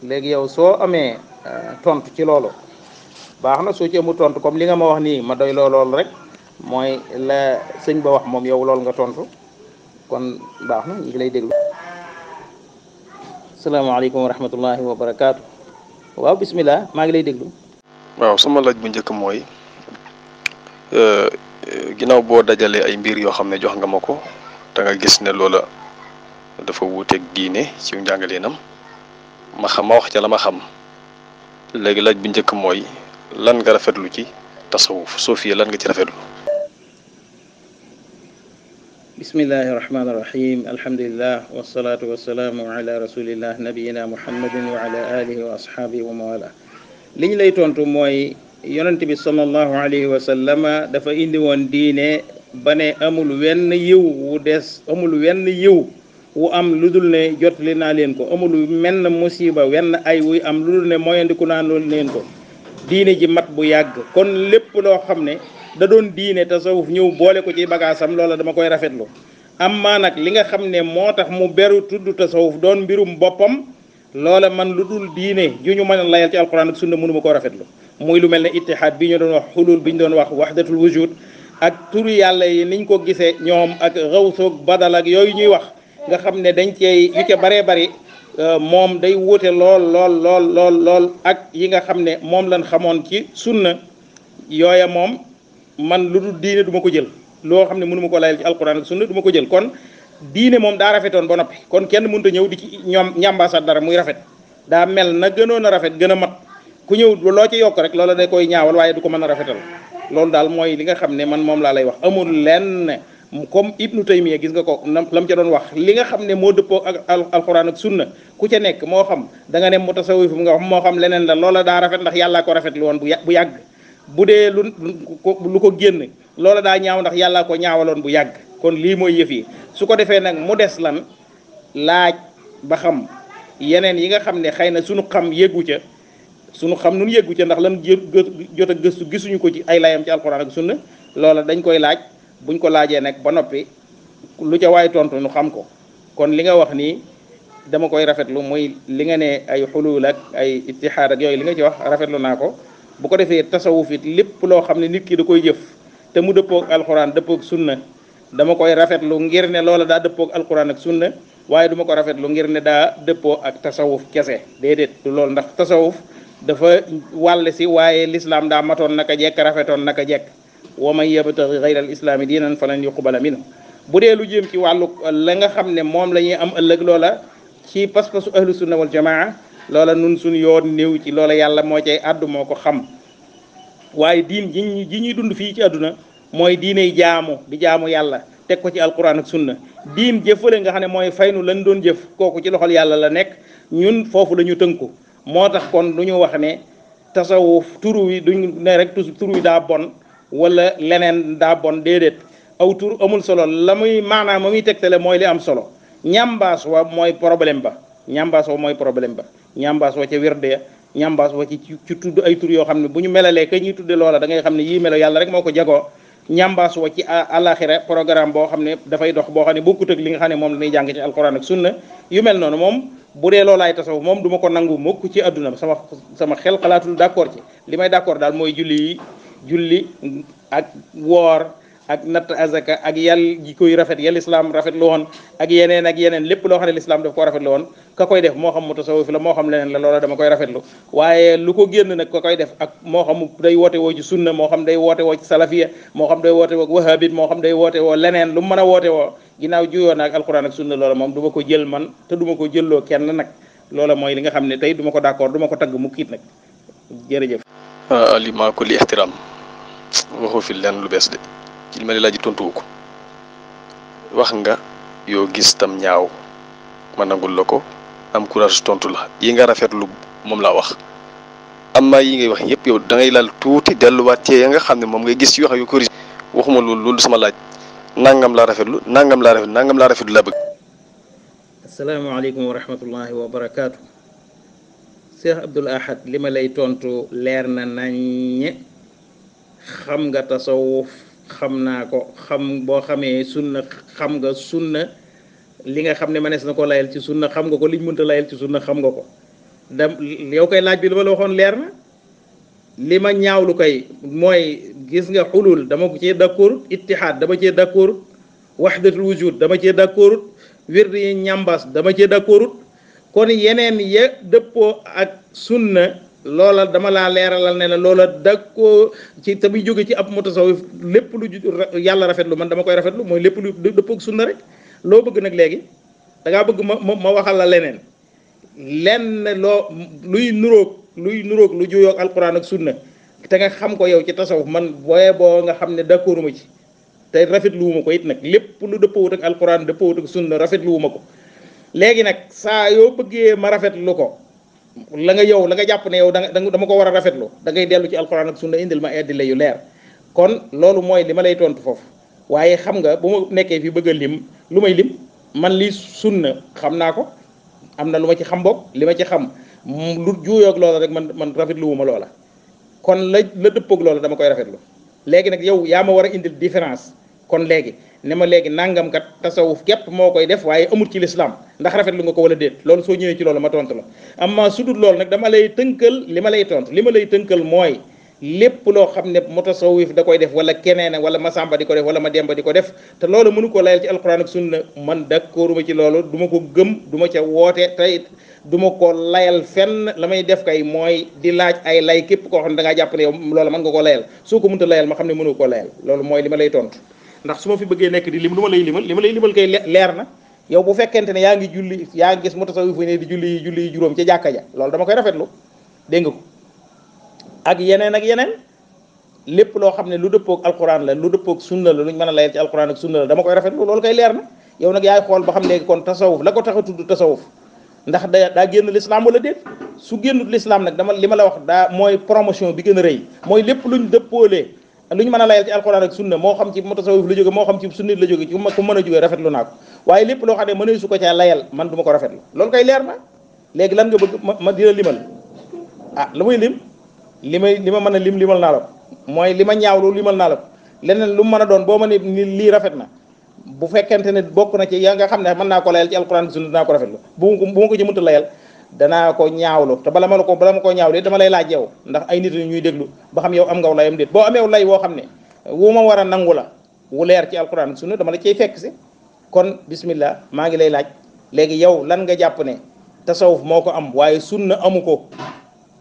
léegi yow so amé eh, tontu ci lolu baxna so ci amu tontu comme li nga ma wax ni ma doy lolu rek moy la sëñ ba wax mom yow lolu nga tontu kon baxna ngi lay assalamu alaykum wa rahmatullahi wa barakatuh wa bismillah ma ngi lay deglu waaw sama laaj bu njëkk mooy ginnaaw boo dajalee ay mbir yoo xam ne jox nga ma ko da nga gis ne loola dafa wuuteeg diine ci njàngaleenam ma xam ma wax ca la ma xam léegi laaj bu njëkk mooy lan nga rafetlu ci tasawuf sofiya lan nga ci rafetlu بسم الله الرحمن الرحيم الحمد لله والصلاة والسلام على رسول الله نبينا محمد وعلى آله وأصحابه mawala li lay tontu mooy yonent bi sallallahu alayhi wa sallama dafa indi woon diine ba ne amul wenn yiw wu des amul wenn yiw wu am lu dul ne jotli naa leen ko amul menn musiba wenn ay wuy am lu dul ne moyandiku naa leen ko diine ji mat bu yàgg kon lépp loo xam ne da doon diine tasawuf ñëw boole ko ci bagaasam loola dama koy rafetlu am maa nag li nga xam ne moo tax mu beru tudd tasawuf doon mbirum boppam loola man lu dul diine ju ñu mën a layal ci alquran ak sunna mënuma koo rafetlu muy lu mel ne ittihaad bi ñu doon wax xulul bi ñu doon wax wahdatul wujud ak turu yàlla yi niñ ko gisee ñoom ak rawsoog badal yooyu ñuy wax nga xam ne dañ cee yu ca baree bari euh, moom day wuute lool lool lool lool lool ak yi nga xam ne moom lañ xamoon ci sunna yooya moom man lu dul diine duma ko jël loo xam ne mënuma ko layal ci alquran ak sunna du ko jël kon diine moom daa rafetoon ba noppi kon kenn mënut a ñëw di ci ñoom ñambaasat dara muy rafet daa mel na gënoon a rafet gën a mat ku ñëw loo ci yokk rek loola da koy ñaawal waaye du ko mën a rafetal loolu daal mooy li nga xam ne man moom laa lay wax amul lenn comme ibnu taymiya gis nga ko lam ca doon wax li nga xam ne moo dëppoo ak alxuraan ak sunna ku ca nekk moo xam da nga ne mu tasawuf nga wax moo xam leneen la daa rafet ndax yàllaa ko rafetlu woon bu yà bu yàgg bu dee lu lu ko génn loola daa ñaaw ndax yàllaa ko ñaawaloon bu yàgg kon lii mooy yëf yi su ko defee nag mu des lan laaj ba xam yeneen yi nga xam ne xëy na suñu xam yëggu ca suñu xam nun yëggu ca ndax lan jot a gëstu gisuñu ko ci ay layam ci alxuraan ak sunna loola dañ koy laaj buñ ko laajee nag ba noppi lu ca waay tontu nu xam ko kon li nga wax nii dama koy rafetlu muy li nga ne ay xulul ak ay ittihaad ak yooyu li nga ci wax rafetlu naa ko bu ko defee tasawuf it lépp loo xam ne nit ki da koy jëf te mu dëppoog alxuraan dëppoog sunna dama koy rafetlu ngir ne loola daa dëppook ak alquran ak sunna waaye duma ma ko rafetlu ngir ne daa dëppoo ak tasawuf kese déedéet du loolu ndax tasawuf dafa wàll si waaye lislaam daa matoon naka jekk rafetoon naka jekk wa man yabtaxi gayra al islaami diinan falan yuqbala minhu bu dee lu jëm ci wàllu la nga xam ne moom la ñuy am ëllëg loola ci pas-pasu ahlu sunna wal jamaa loola nun suñu yoon néew ci loola yàlla moo cay àddu moo ko xam waaye diin ji ji dund fii ci àdduna mooy diiney jaamu di jaamu yàlla teg ko ci alquran ak sunna diim jëfale nga xam ne mooy faynu lan doon jëf kooku ci loxol yàlla la nekk ñun foofu la ñu tënku moo tax kon du ñu wax ne tasawuf tur wi duñ ne rek tur wi daa bon wala leneen daa bon déedéet aw tur amul solo la muy maanaam ma muy tegtale mooy li am solo ñambaas wa mooy problème ba ñambaas wa mooy problème ba ñambaas wa ca wirde ya ñambaas wa ci ci tudd ay tur yoo xam ne bu ñu melalee ka ñuy tudde loola da xam ne yii melo yàlla rek moo ko jagoo ñambaas wa ci alaxira programme boo xam ne dafay dox boo xam ne bokkut ak li nga xam ne moom la ñuy jàng ci alquran ak sunna yu mel noonu moom bu dee loolaay tasaw moom du ma ko nangu mukk ci adduna sama sama xel xalaatul d'accord ci li may d'accord daal mooy julli yi julli ak woor ak natt azaka ak yàll ji koy rafet ya lislaam rafet lu woon ak yeneen ak yeneen lépp loo xam ne lislaam daf ko rafet lu woon ka koy def moo xam mu tasawuf la moo xam leneen la loola dama koy rafetlu waaye lu ko génn nag ka koy def ak moo xam day woote woo ci sunna moo xam day woote woo ci salafiya moo xam day woote woo wahabit moo xam day woote woo leneen lu mu mën woote woo ginnaaw juyoo na ak alquran ak sunna loola moom du ko jël man te du ko jëlloo kenn nag loola mooy li nga xam ne tey du ma ko d'accord du ko tagg mu kiit nag jërëjëf alimaa ko li lu bees de ci li ma laaj tontuwu wax nga yoo gis tam ñaaw ma nangul la ko am courage tontu la yi nga rafetlu moom laa wax am amma yi ngay wax yëpp yow da ngay laal tuuti delluwaat ci nga xam ne moom ngay gis yoo xam yu ko waxuma loolu sama laaj nangam laa rafetlu nangam laa rafet nangam laa rafetlu laa bëgg. asalaamaaleykum wa rahmatullahi wa li ma lay tontu leer na naññe xam nga tasawuf xam naa ko xam boo xamee sunna xam nga sunna li nga xam ne manees na ko layal ci sunna xam nga ko liñ mënta layal ci sunna xam nga ko da yow koy laaj bi li ma la waxoon leer na li ma ñaawlu koy mooy gis nga xulul dama ko cee d'accord ittihaad dama cee d'accord wahdatul wujud dama cee d'accord wird yi ñambas dama cee d'accord kon yeneen ya dëppoo ak sunna loola dama laa leeralal ne la loola dag koo ci te muy jóge ci ab mutasawif lépp lu yàlla rafetlu man dama koy rafetlu mooy lépp lu dëppoog sunna rek loo bëgg nag léegi da bëgg ma ma ma waxal leneen lenn loo luy luy nuróog lu juyoog alquran ak sunna te nga xam ko yow ci tasawuf man booyee boo nga xam ne d'accorduma ci te rafetluwuma ko it nag lépp lu dëppoowut ak alquran dëppoowut ak sunna ma ko léegi nag saa yoo bëggee ma rafet rafetlu ko la nga yow la nga jàpp ne yow da nga dama ko war a rafetlu da ngay dellu ci alxuraan ak sunna indil ma ay adilla yu leer kon loolu mooy li ma lay tontu foofu waaye xam nga bu ma nekkee fi bëgg a lim lu may lim man li sunna xam naa ko am na lu ma ci xam boog li ma ci xam lu juuyoog loola rek man man rafetlu wu ma loola kon la la dëppoog loola dama koy rafetlu léegi nag yow yaa ma war a indil différence kon léegi ne ma léegi nangam kat tasawuf képp moo koy def waaye amul ci lislaam ndax rafetlu nga ko wala déet loolu soo ñëwee ci loolu ma tontu la amma su dul loolu nag dama lay tënkal li ma lay tontu li ma lay tënkal mooy lépp loo xam ne mutasawif da koy def wala keneen wala masamba di ko def wala ma demba ko def te loolu mënu ko layal ci alquran ak sunna man d'accorduma ci loolu du ma ko gëm du ma ca woote tey du ma ko layal fenn la may def kay mooy di laaj ay lay koo xam ne da ngaa jàpp ne yow nga ko layal soo ko mënta layal ma xam ne mënu ko layal loolu mooy li ma lay tontu ndax su ma fi bëggee nekk di lim lu ma lay limal li ma lay limal kay leer na yow bu fekkente ne yaa ngi julli yaa ngi gis mutasawwif ne di julli julli juróom ca jàkka ja loolu dama koy rafetlu dégg nga ak yeneen ak yeneen lépp loo xam ne lu dëppoog alquran la lu dëppoog sunna la luñ mën a layal ci alquran ak sunna la dama koy rafetlu loolu koy leer na yow nag yaay xool ba xam léegi kon tasawuf la ko tax a tudd tasawuf ndax da daa génn l'islam wala déet su génnut l'islam nag dama li ma la wax daa mooy promotion bi gën a rëy mooy lépp luñ dëppoolee lu ñu mën a layal ci alxuraan ak sunna moo xam ci mutasawwif la jóge moo xam ci sunnit la jóge ci ku mën a jóge rafetlu naa ko waaye lépp loo xam ne mëneesu ko caa layal man ma ko leer na léegi lan nga bëgg ma dina limal ah lu muy lim li may li ma mën a lim limal naa la mooy li ma ñaaw ñaawlu limal naa la leneen lu mu mën a doon boo ma ne lii rafet na bu fekkente ne bokk na ci yaa nga xam ne mën naa ko layal ci alxuraan ak sunna dinaa ko rafetlu bu bu ma ko ci mënta layal danaa ko ñaawlu te bala ma la ko bala ma ko ñaawlu dama lay laaj yow ndax ay nit ñuy déglu ba xam yow am ngaw layam déet boo ameew lay woo xam ne wu ma war a nangu la wu leer ci alquran sunna dama la cay fekk si kon bismillah maa ngi lay laaj léegi yow lan nga jàpp ne tasawuf moo ko am waaye sunna amu ko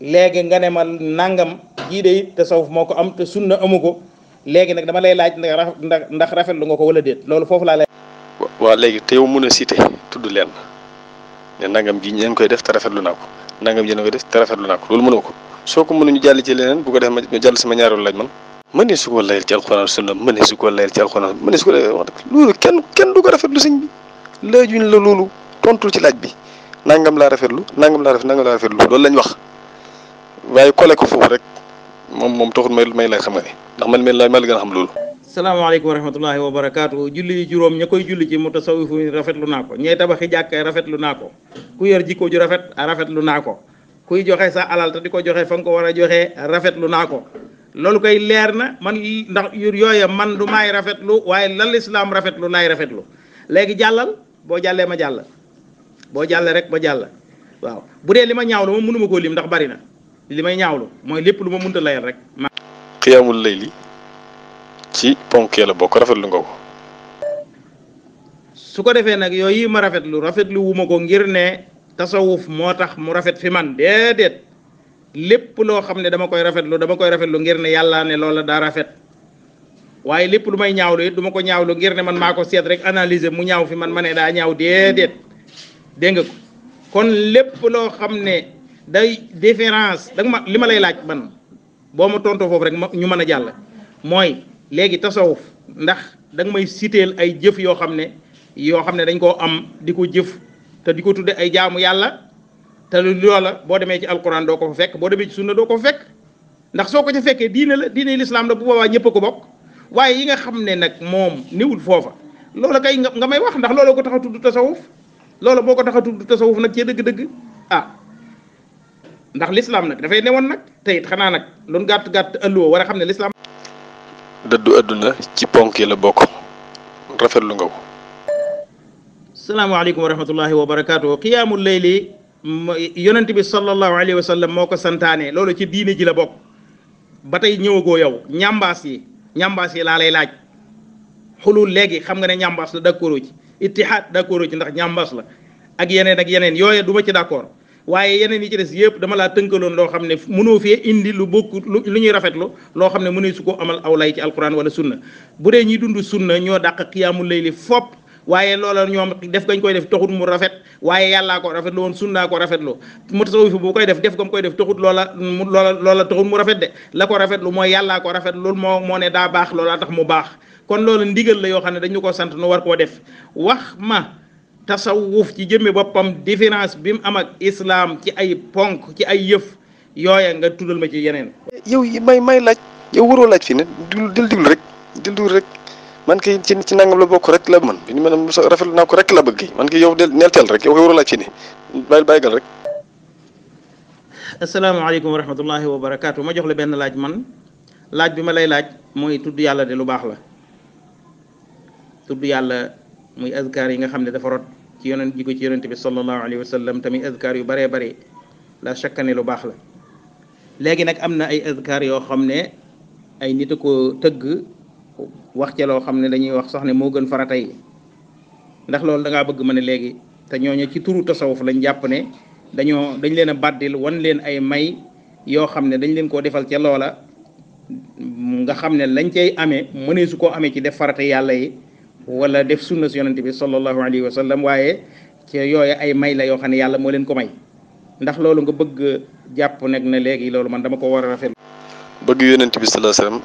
léegi nga ne ma nangam jii de tasawuf moo ko am te sunna amu ko léegi nag dama lay laaj ndax ndax lu nga ko wala déet loolu foofu laa lay. waaw léegi te yow mën a cité tudd leen. ne nangam ji ñu koy def te rafetlu naa ko nangam ji ñu koy def te rafetlu naa ko loolu mënoo ko soo ko mënuñu jàll ci leneen bu ko def ma jàll sama ñaareelu laaj man mënee su ko layal ci alxuraan sunna ko layal ci alxuraan mënee su ko layal wax dëgg loolu kenn kenn du ko rafetlu bi laajuñ la loolu tontul ci laaj bi nangam laa rafetlu nangam laa rafet nangam laa rafetlu loolu lañ wax waaye kole ko foofu rek moom moom taxul may may lay xam ndax man meen la ma la gën a xam loolu salaamaaleykum wa rahmatullahi wa barakaatu julli juróom ña koy julli ci mutasawifu rafetlu naa ko ñay tabaxi jàkka rafetlu naa ko ku yor jikko ju rafet rafetlu naa ko kuy joxe sa alal te di ko joxe fa nga ko war a joxe rafetlu naa ko loolu koy leer na man ndax yooya man du rafet lu waaye lan lislaam rafetlu rafet lu léegi jàllal boo jàllee ma jàll boo jàllee rek ma jàll waaw bu dee li ma ñaawlu moom mënuma koo lim ndax bari na li may ñaawlu mooy lépp lu ma mënta layal rek. xiyaamul layli ci ponk la ko rafetlu nga ko. su ko defee nag yooyu ma rafetlu rafetlu wu ma ko ngir ne tasawuf moo tax mu rafet fi man déedéet lépp loo xam ne dama koy rafetlu dama koy rafetlu ngir ne yàllaa ne loola daa rafet waaye lépp lu may ñaawlu it du ma ko ñaawlu ngir ne man maa ko seet rek analyser mu ñaaw fi man ma ne daa ñaaw déedéet dégg nga ko kon lépp loo xam ne day différence danga ma li ma lay laaj man boo ma tontoo foofu rek ma ñu mën a jàll mooy. léegi tasawuf ndax danga may siteel ay jëf yoo xam ne yoo xam ne dañ koo am di ko jëf te di ko tudde ay jaamu yàlla te loola boo demee ci alquran doo ko fa fekk boo demee ci sunna doo ko fa fekk ndax soo ko ca fekkee diine la diine lislaam la bu boobaa ñëpp ko bokk waaye yi nga xam ne nag moom néewul foofa loola kay nga may wax ndax loola ko tax a tudd tasawuf loola boo ko tax a tudd tasawuf nag cee dëgg-dëgg ah ndax lislaam nag dafay newoon nag te xanaa nag loolu gàtt gàtt ëllëgoo war a xam ne lislaam dëddu àdduna ci ponk yi la bokk rafetlu nga ko. salaamaaleykum wa rahmatullahi wa barakaatu qiyaamul layli yonent bi sallallahu alayhi wa sallam moo ko santaane loolu ci diine ji la bokk ba tey ñëwagoo yow ñambaas yi ñambaas yi laa lay laaj xulul léegi xam nga ne ñambaas la d'accord ci ittihaad d'accord ci ndax ñambaas la ak yeneen ak yeneen yooye du ma ci d'accord. waaye yeneen yi ci des yëpp dama laa tënkaloon loo xam ne mënoo fee indi lu bokk lu ñuy rafetlu loo xam ne mënee su ko amal aw lay ci alquran wala sunna bu dee ñiy dund sunna ñoo daq dàq xiyaamu layli fopp waaye loola ñoom def gañ koy def taxut mu rafet waaye yàllaa ko rafetlu woon sunnaa ko rafetlu mu tasawuf bu koy def def gam koy def taxut loola mu loola loola taxut mu rafet de la ko rafetlu mooy yàllaa ko rafet loolu moo moo ne daa baax loolaa tax mu baax kon loolu ndigal la yoo xam ne dañu ko sant nu war koo def wax ma wuuf ci jëmmi boppam différence bi mu am ak islaam ci ay ponk ci ay yëf yooya nga tuddal ma ci yeneen. yow may may laaj yow waroo laaj fii ne dil dil dil rek dil rek man kay ci ci nangam la bokk rek la man bi ma ne rafetlu naa ko rek la bëgg man kay yow del rek yow waroo laaj fii ne bàyyi bàyyi gal rek. asalaamaaleykum wa rahmatullahi wa barakaatu ma jox la benn laaj man laaj bi ma lay laaj mooy tudd yàlla de lu baax la tudd yàlla muy azkar yi nga xam ne dafa ci yonent ko ci yonent bi sallallahu alayhi wa sallam tamit azkar yu baree bare la chaque ne lu baax la léegi nag am na ay azkar yoo xam ne ay nit a ko tëgg wax ca loo xam ne dañuy wax sax ne moo gën farata yi ndax loolu da bëgg ma ne léegi te ñooñu ci turu tasawuf lañ jàpp ne dañoo dañ leen a bàddil wan leen ay may yoo xam ne dañ leen koo defal ca loola nga xam ne lañ cay amee mënee su koo amee ci def farata yàlla yi wala def sunna si bi sallallahu alaihi wa waye ci yoy ay may la yo xam yalla mo len ko may ndax lolu nga bëgg japp nek na legi lolu man dama ko wara rafet bëgg yonente bi sallallahu alaihi wasallam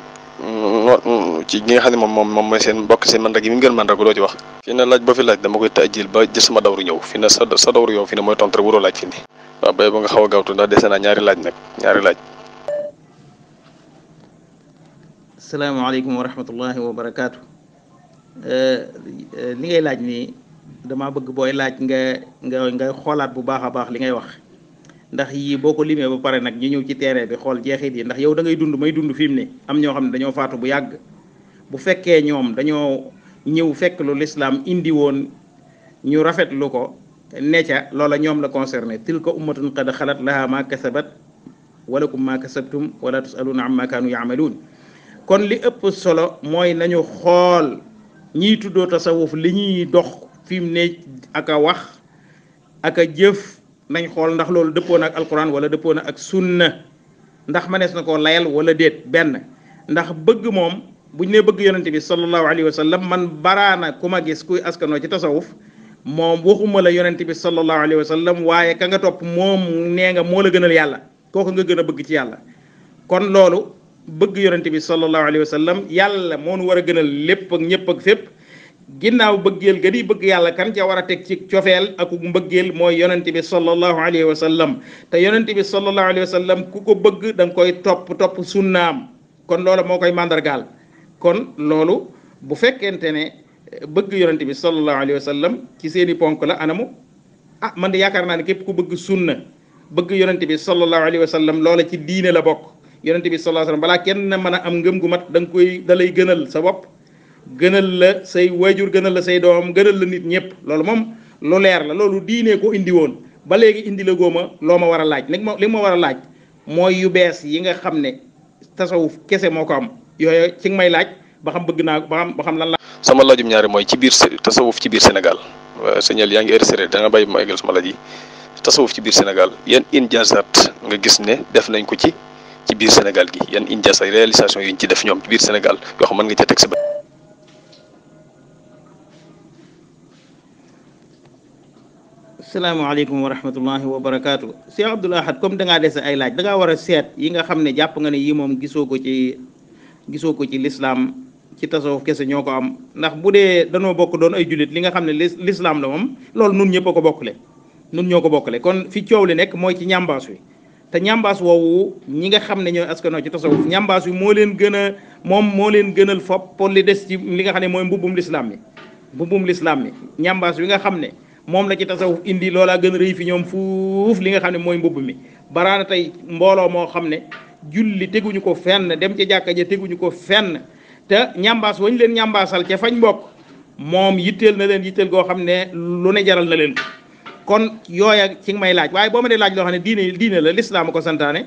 mm, mm, ci gi nga xam mom mom moy seen mbokk seen man rek yi mu gën man rek loo ci wax fi na laaj ba fi laaj dama koy taajil ba jiss sama dawru ñew fi na sa dawru yow fi na moy tontre wuro laaj fi ni bay ba nga xawa gawtu ndax desena ñaari laaj nak ñaari laaj alaykum wa rahmatullahi wa barakatuh Euh, euh, li ngay laaj nii dama bëgg booy laaj nga nga ngay xoolaat bu baax a baax li ngay wax ndax yii boo ko limee ba pare nag ñu ñëw ci terrain bi xool jeexit yi ndax yow dangay dund may dund fi mu ne am ñoo xam ne dañoo faatu bu yàgg bu fekkee ñoom dañoo ñëw fekk lu lislaam indi woon ñu rafetlu ko ne ca loola ñoom la concerné tilka ummatun qad xalat laha ma kasabat walakum ma kasabtum wala tusaluuna amma kaanu yaamaluun kon li ëpp solo mooy nañu xool ñiy tuddoo tasawuf li ñuy dox fi mu ne ak wax ak a jëf nañ xool ndax loolu dëppoon na ak alquran wala dëppoon na ak sunna ndax mënees na ko layal wala déet benn ndax bëgg moom bu ñu nee bëgg yonente bi sallallahu alayhi wa sallam man baraana ku ma gis kuy askanoo ci tasawuf moom waxuma la yonente bi sallallahu alayhi wa sallam waaye ka nga topp moom nee nga moo la gënal yàlla kooku nga gën a bëgg ci yàlla kon loolu bëgg yonente bi sallallahu alayhi wa sallam yàlla moo nu war a gënal lépp ak ñëpp ak fépp ginnaaw bëggeel ga di bëgg yàlla kan ca war a teg ci cofeel ak mbëggeel mooy yonente bi sallallahu alayhi wa sallam te yonente bi sallallahu alayhi wa sallam ku ko bëgg da koy topp topp sunnaam kon loolu moo koy màndargaal kon loolu bu fekkente ne eh, bëgg yonente bi sallallahu alayhi wa sallam ci seeni ponk la anamu ah man de yaakaar naa ne képp ku bëgg sunna bëgg yonente bi sallallahu alayhi wa sallam loola ci diine la bokk yonente bi sallallahu alayhi balaa kenn mën a am ngëm gu mat danga koy da gënal sa bopp gënal la say waajur gënal la say doom gënal la nit ñëpp loolu moom lu leer la loolu diinee ko indi woon ba léegi indi la góoma loo ma war a laaj li ma li ma war a laaj mooy yu bees yi nga xam ne tasawuf kese moo ko am yooyu ci nga may laaj ba xam bëgg naa ba xam xam lan la. sama laajum ñaari mooy ci biir tasawuf ci biir Sénégal señal yaa ngi erseré da nga bàyyi ma eggal sama laaj yi tasawuf ci biir Sénégal yan injaasaat nga gis ne def nañ ko ci. ci biir Sénégal gi yan indias sa réalisation yi ñu ci def ñoom ci biir Sénégal yoo xam man nga ca teg sa salaamaaleykum wa rahmatullahi wa barakaatu Cheikh Abdoul Ahad comme dangaa dese ay laaj dangaa war a seet yi nga xam ne jàpp nga ne yi moom gisoo ko ci gisoo ko ci lislaam ci tasawuf kese ñoo ko am ndax bu dee danoo bokk doon ay jullit li nga xam ne lislaam la moom loolu nun ñëpp a ko bokkale nun ñoo ko bokkale kon fi coow li nekk mooy ci ñàmbaas wi te ñambaas woowu ñi nga xam ne ñooy askanoo ci tasawuf ñambaas wi moo leen gën a moom moo leen gënal fop li des ci li nga xam ne mooy mbubbum lislaam mi mbubbum lislaam mi ñambaas wi nga xam ne moom la ci tasawuf indi loolaa gën a rëy fi ñoom fuuf li nga xam ne mooy mbubb mi baraana tey mbooloo moo xam ne julli teguñu ko fenn dem ci jàkka ja teguñu ko fenn te ñambaas wañ leen ñambaasal ca fañ mbokk moom yitteel na leen yitteel goo xam ne lu ne jaral na leen kon yooya ci nga may laaj waaye boo ma dee laaj loo xam ne diine diine la lislaam ko santaane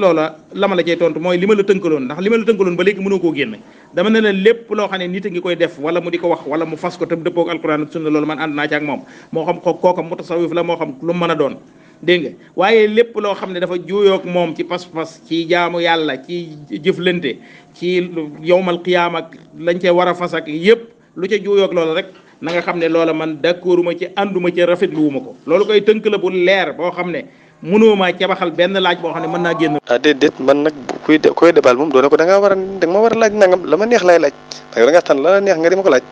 loola la ma la cay tontu mooy li ma la tënkaloon ndax li ma la tënkaloon ba léegi mënoo koo génne dama ne la lépp loo xam ne nit koy def wala mu di ko wax wala mu fas ko tam dëppoog alquran ak sunna loolu man ak moom moo xam ko kooka mutasawif la moo xam lu mën a doon dégg nga waaye lépp loo xam ne dafa juuyoog moom ci pas-pas ci jaamu yàlla ci jëflante ci yowmal qiyaam ak lañ cee war a fas ak yëpp lu ca juuyoog loola rek na xam ne loola man d'accorduma ci ànduma ci rafetluwuma ko loolu koy tënk la bu leer boo xam ne mënoo maa cabaxal benn laaj boo xam ne mën naa génn. ah déedéet man nag kuy ko da ngaa war a da nga ma war a laaj nangam la ma neex laay laaj da nga tànn la la neex nga di ma ko laaj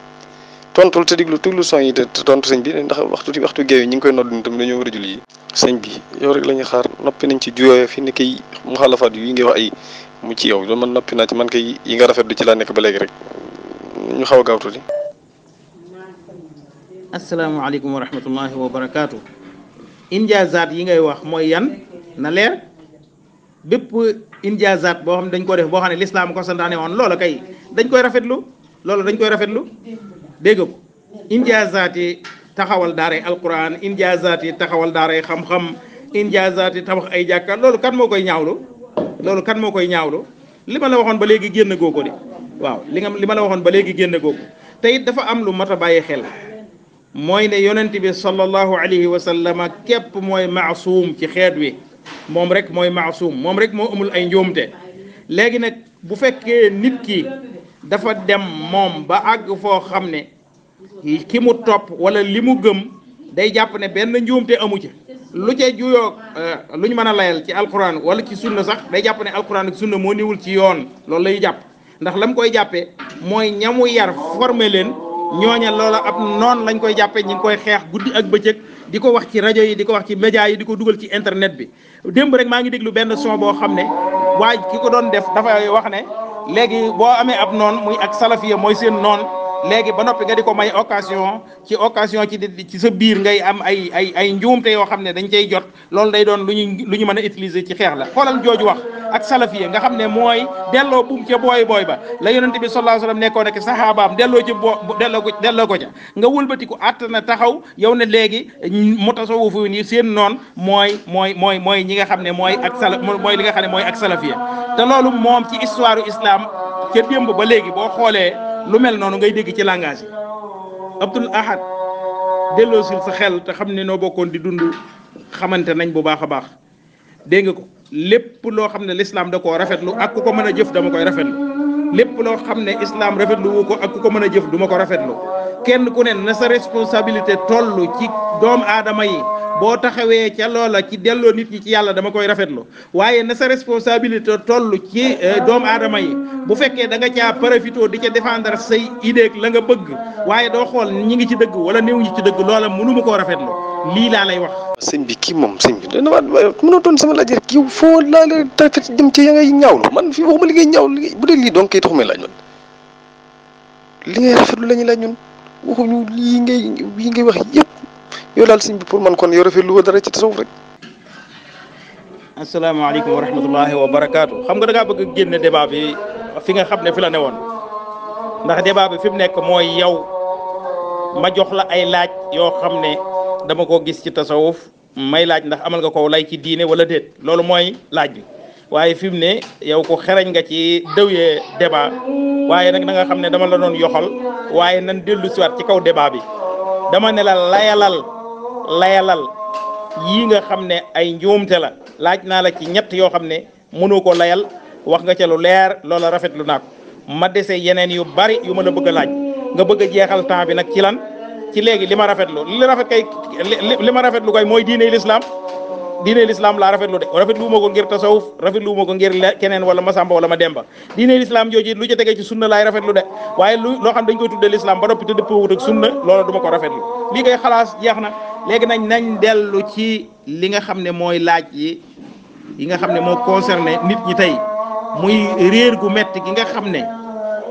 tontul te diglu tuglu son yi te tontu sëñ bi ndax waxtu waxtu géew yi ñi ngi koy nodd tam dañoo war a julli yi bi yow rek la xaar noppi nañ ci juyooyo fi ni koy mu xalafaat yi ngay wax ay mu ci yow man noppi naa ci man koy yi nga rafet rafetlu ci la nekk ba léegi rek ñu xaw a gaaw asalaamaaleykum wa rahmatullahi wa barakatuh injaazaat yi ngay wax mooy yan na leer bépp injaazaat boo xam ne dañ ko def boo xam ne ko santaane woon loola kay dañ koy rafetlu loola dañ koy rafetlu dégg ko injaazaat yi taxawal daaray alquran injaazaat yi taxawal daaray xam-xam injaazaat yi tabax ay jàkka loolu kan moo koy ñaawlu loolu kan moo koy ñaawlu li la waxoon ba léegi génn googu de waaw li nga li la waxoon ba léegi génn googu te dafa am lu mat a bàyyi xel mooy ne yonent bi sallallahu alayhi wa sallama képp mooy maasuum ci xeet wi moom rek mooy maasuum moom rek moo amul ay njuumte léegi nag bu fekkee nit ki dafa dem moom ba àgg foo xam ne ki mu topp wala li mu gëm day jàpp ne benn njuumte amu ci lu ca juyoo euh, lu ñu mën a layal ci alquran wala ci sunna sax day jàpp ne alquran ak sunna moo niwul ci yoon loolu lay jàpp ndax lam koy jàppee mooy ñamu yar formé leen ñooña loola ab noon lañ koy jàppee ñi ngi koy xeex guddi ak bëccëg di ko wax ci rajo yi di ko wax ci média yi di ko dugal ci internet bi démb rek maa ngi déglu benn son boo xam ne waa ki ko doon def dafa wax ne léegi boo amee ab noon muy ak salafiya mooy seen noon léegi ba noppi nga di ko may occasion ci occasion ci ci sa biir ngay am ay ay ay njuumte yoo xam ne dañ cay jot loolu day doon lu ñu lu ñu mën a utiliser ci xeex la xoolal jooju wax ak salafiya nga xam ne mooy delloo buum ca booy booy ba la yonente bi sallallahu alayhi wasallam nekkoon ak saxaabaam delloo ci boo delloo ko delloo ko ca nga wëlbatiku àtt na taxaw yow ne léegi mu tasawufu ni seen noon mooy mooy mooy mooy ñi nga xam ne mooy ak sala mooy li nga xam ne mooy ak salafiya te moom ci histoire islam ca démb ba léegi boo xoolee lu mel noonu ngay dégg ci langage yi Abdul Ahad delloosil sa xel te xam ne noo bokkoon di dund xamante nañ bu baax a baax dégg nga ko lépp loo xam ne lislaam da koo rafetlu ak ku ko mën a jëf dama koy rafetlu lépp loo xam ne islaam rafetlu wu ko ak ku ko mën a jëf duma ko rafetlu kenn ku ne na sa responsabilité toll ci doomu aadama yi boo taxawee ca loola ci delloo nit ñi ci yàlla dama koy rafetlu waaye na sa responsabilité toll ci eh, doomu aadama yi bu fekkee da nga caa profité di ca défendre say idée la nga bëgg waaye doo xool ñi ngi ci dëgg wala néew ñi ci dëgg loola mënu ma koo rafetlu lii laa lay wax. sëñ bi kii moom sëñ bi dana waat mënatoon sama laaj rek la rafet jëm ci ya ngay ñaawlu man fii waxuma li ngay ñaawlu bu dee lii donc kay taxu may laaj la ñun. waxuñu lii ngay lii ngay wax yëpp yow daal sëñ bi man kon yow rafet lu ko dara ci tasawuf rek. asalaamaaleykum wa rahmatullahi wa barakaatu xam nga da ngaa bëgg a génne débat bi fi nga xam ne fi la newoon ndax débat bi fi mu nekk mooy yow ma jox la ay laaj yoo xam ne dama ko gis ci tasawuf may laaj ndax amal nga ko lay ci diine wala déet loolu mooy laaj bi. waaye fi mu ne yow ko xereñ nga ci dëwyee débat waaye nag da nga xam ne dama la doon yoxal waaye nan dellu siwaat ci kaw débat bi dama ne la layalal layalal yii nga xam ne ay njuumte la laaj naa la ci ñett yoo xam ne mënoo ko layal wax nga ca lu leer loola rafetlu naa ko ma dese yeneen yu bari yu ma la bëgg a laaj nga bëgg a jeexal temps bi nag ci lan ci léegi li ma rafetlu li la rafet lu li ma rafetlu kay mooy diine l'islam diine lislaam laa lu de rafetlu ma ko ngir tasawuf rafetlu ma ko ngir keneen wala ma samba wala ma demba diine lislaam jooju lu ca tege ci sunna laay rafetlu de waaye loo xam dañ koy tuddee lislaam ba noppi te dëppoowut ak sunna loolu du ma ko rafetlu lii koy xalaas jeex na léegi nañ nañ dellu ci li nga xam ne mooy laaj yi yi nga xam ne moo concerné nit ñi tey muy réer gu metti gi nga xam ne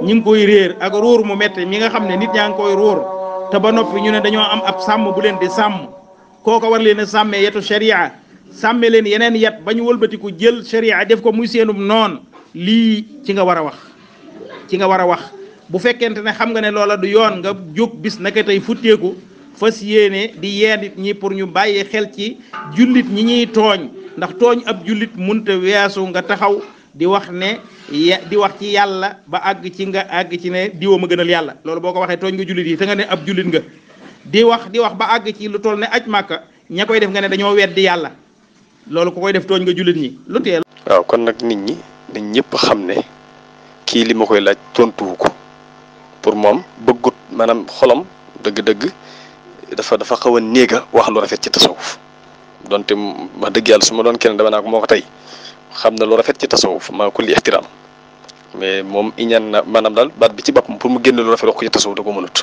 ñi ngi koy réer ak ruur mu metti mi nga xam ne nit ñaa ngi koy ruur te ba noppi ñu ne dañoo am ab sàmm bu leen di sàmm kooka war leen a yetu sharia sàmmee leen yeneen yat ba ñu wëlbatiku jël sharia def ko muy seenum noon lii ci nga war a wax ci nga war a wax bu fekkente ne xam nga ne loola du yoon nga jóg bis naka tey futteeku fas yéene di yee nit ñi pour ñu bàyyi xel ci jullit ñi ñuy tooñ ndax tooñ ab jullit munta weesu nga taxaw di wax ne di wax ci yàlla ba àgg ci nga àgg ci ne diwa ma gënal yàlla loolu boo ko waxee tooñ nga jullit yi te nga ne ab jullit nga di wax di wax ba àgg ci lu toll ne aj màkka ña koy def nga ne dañoo weddi yàlla loolu ko koy def tooñ nga jullit ñi lu teel. waaw kon nag nit ñi dañ ñëpp xam ne kii li ma koy laaj tontuwu ko pour moom bëggut maanaam xolam dëgg-dëgg dafa dafa xaw a néeg a wax lu rafet ci tasawuf donte wax dëgg yàlla su ma doon kenn dama naa ko moo ko tey xam na lu rafet ci tasawuf maa ko li ixtiraam mais moom iñaan na maanaam daal baat bi ci boppam pour mu génn lu rafet wax ko ci tasawuf da ko mënut.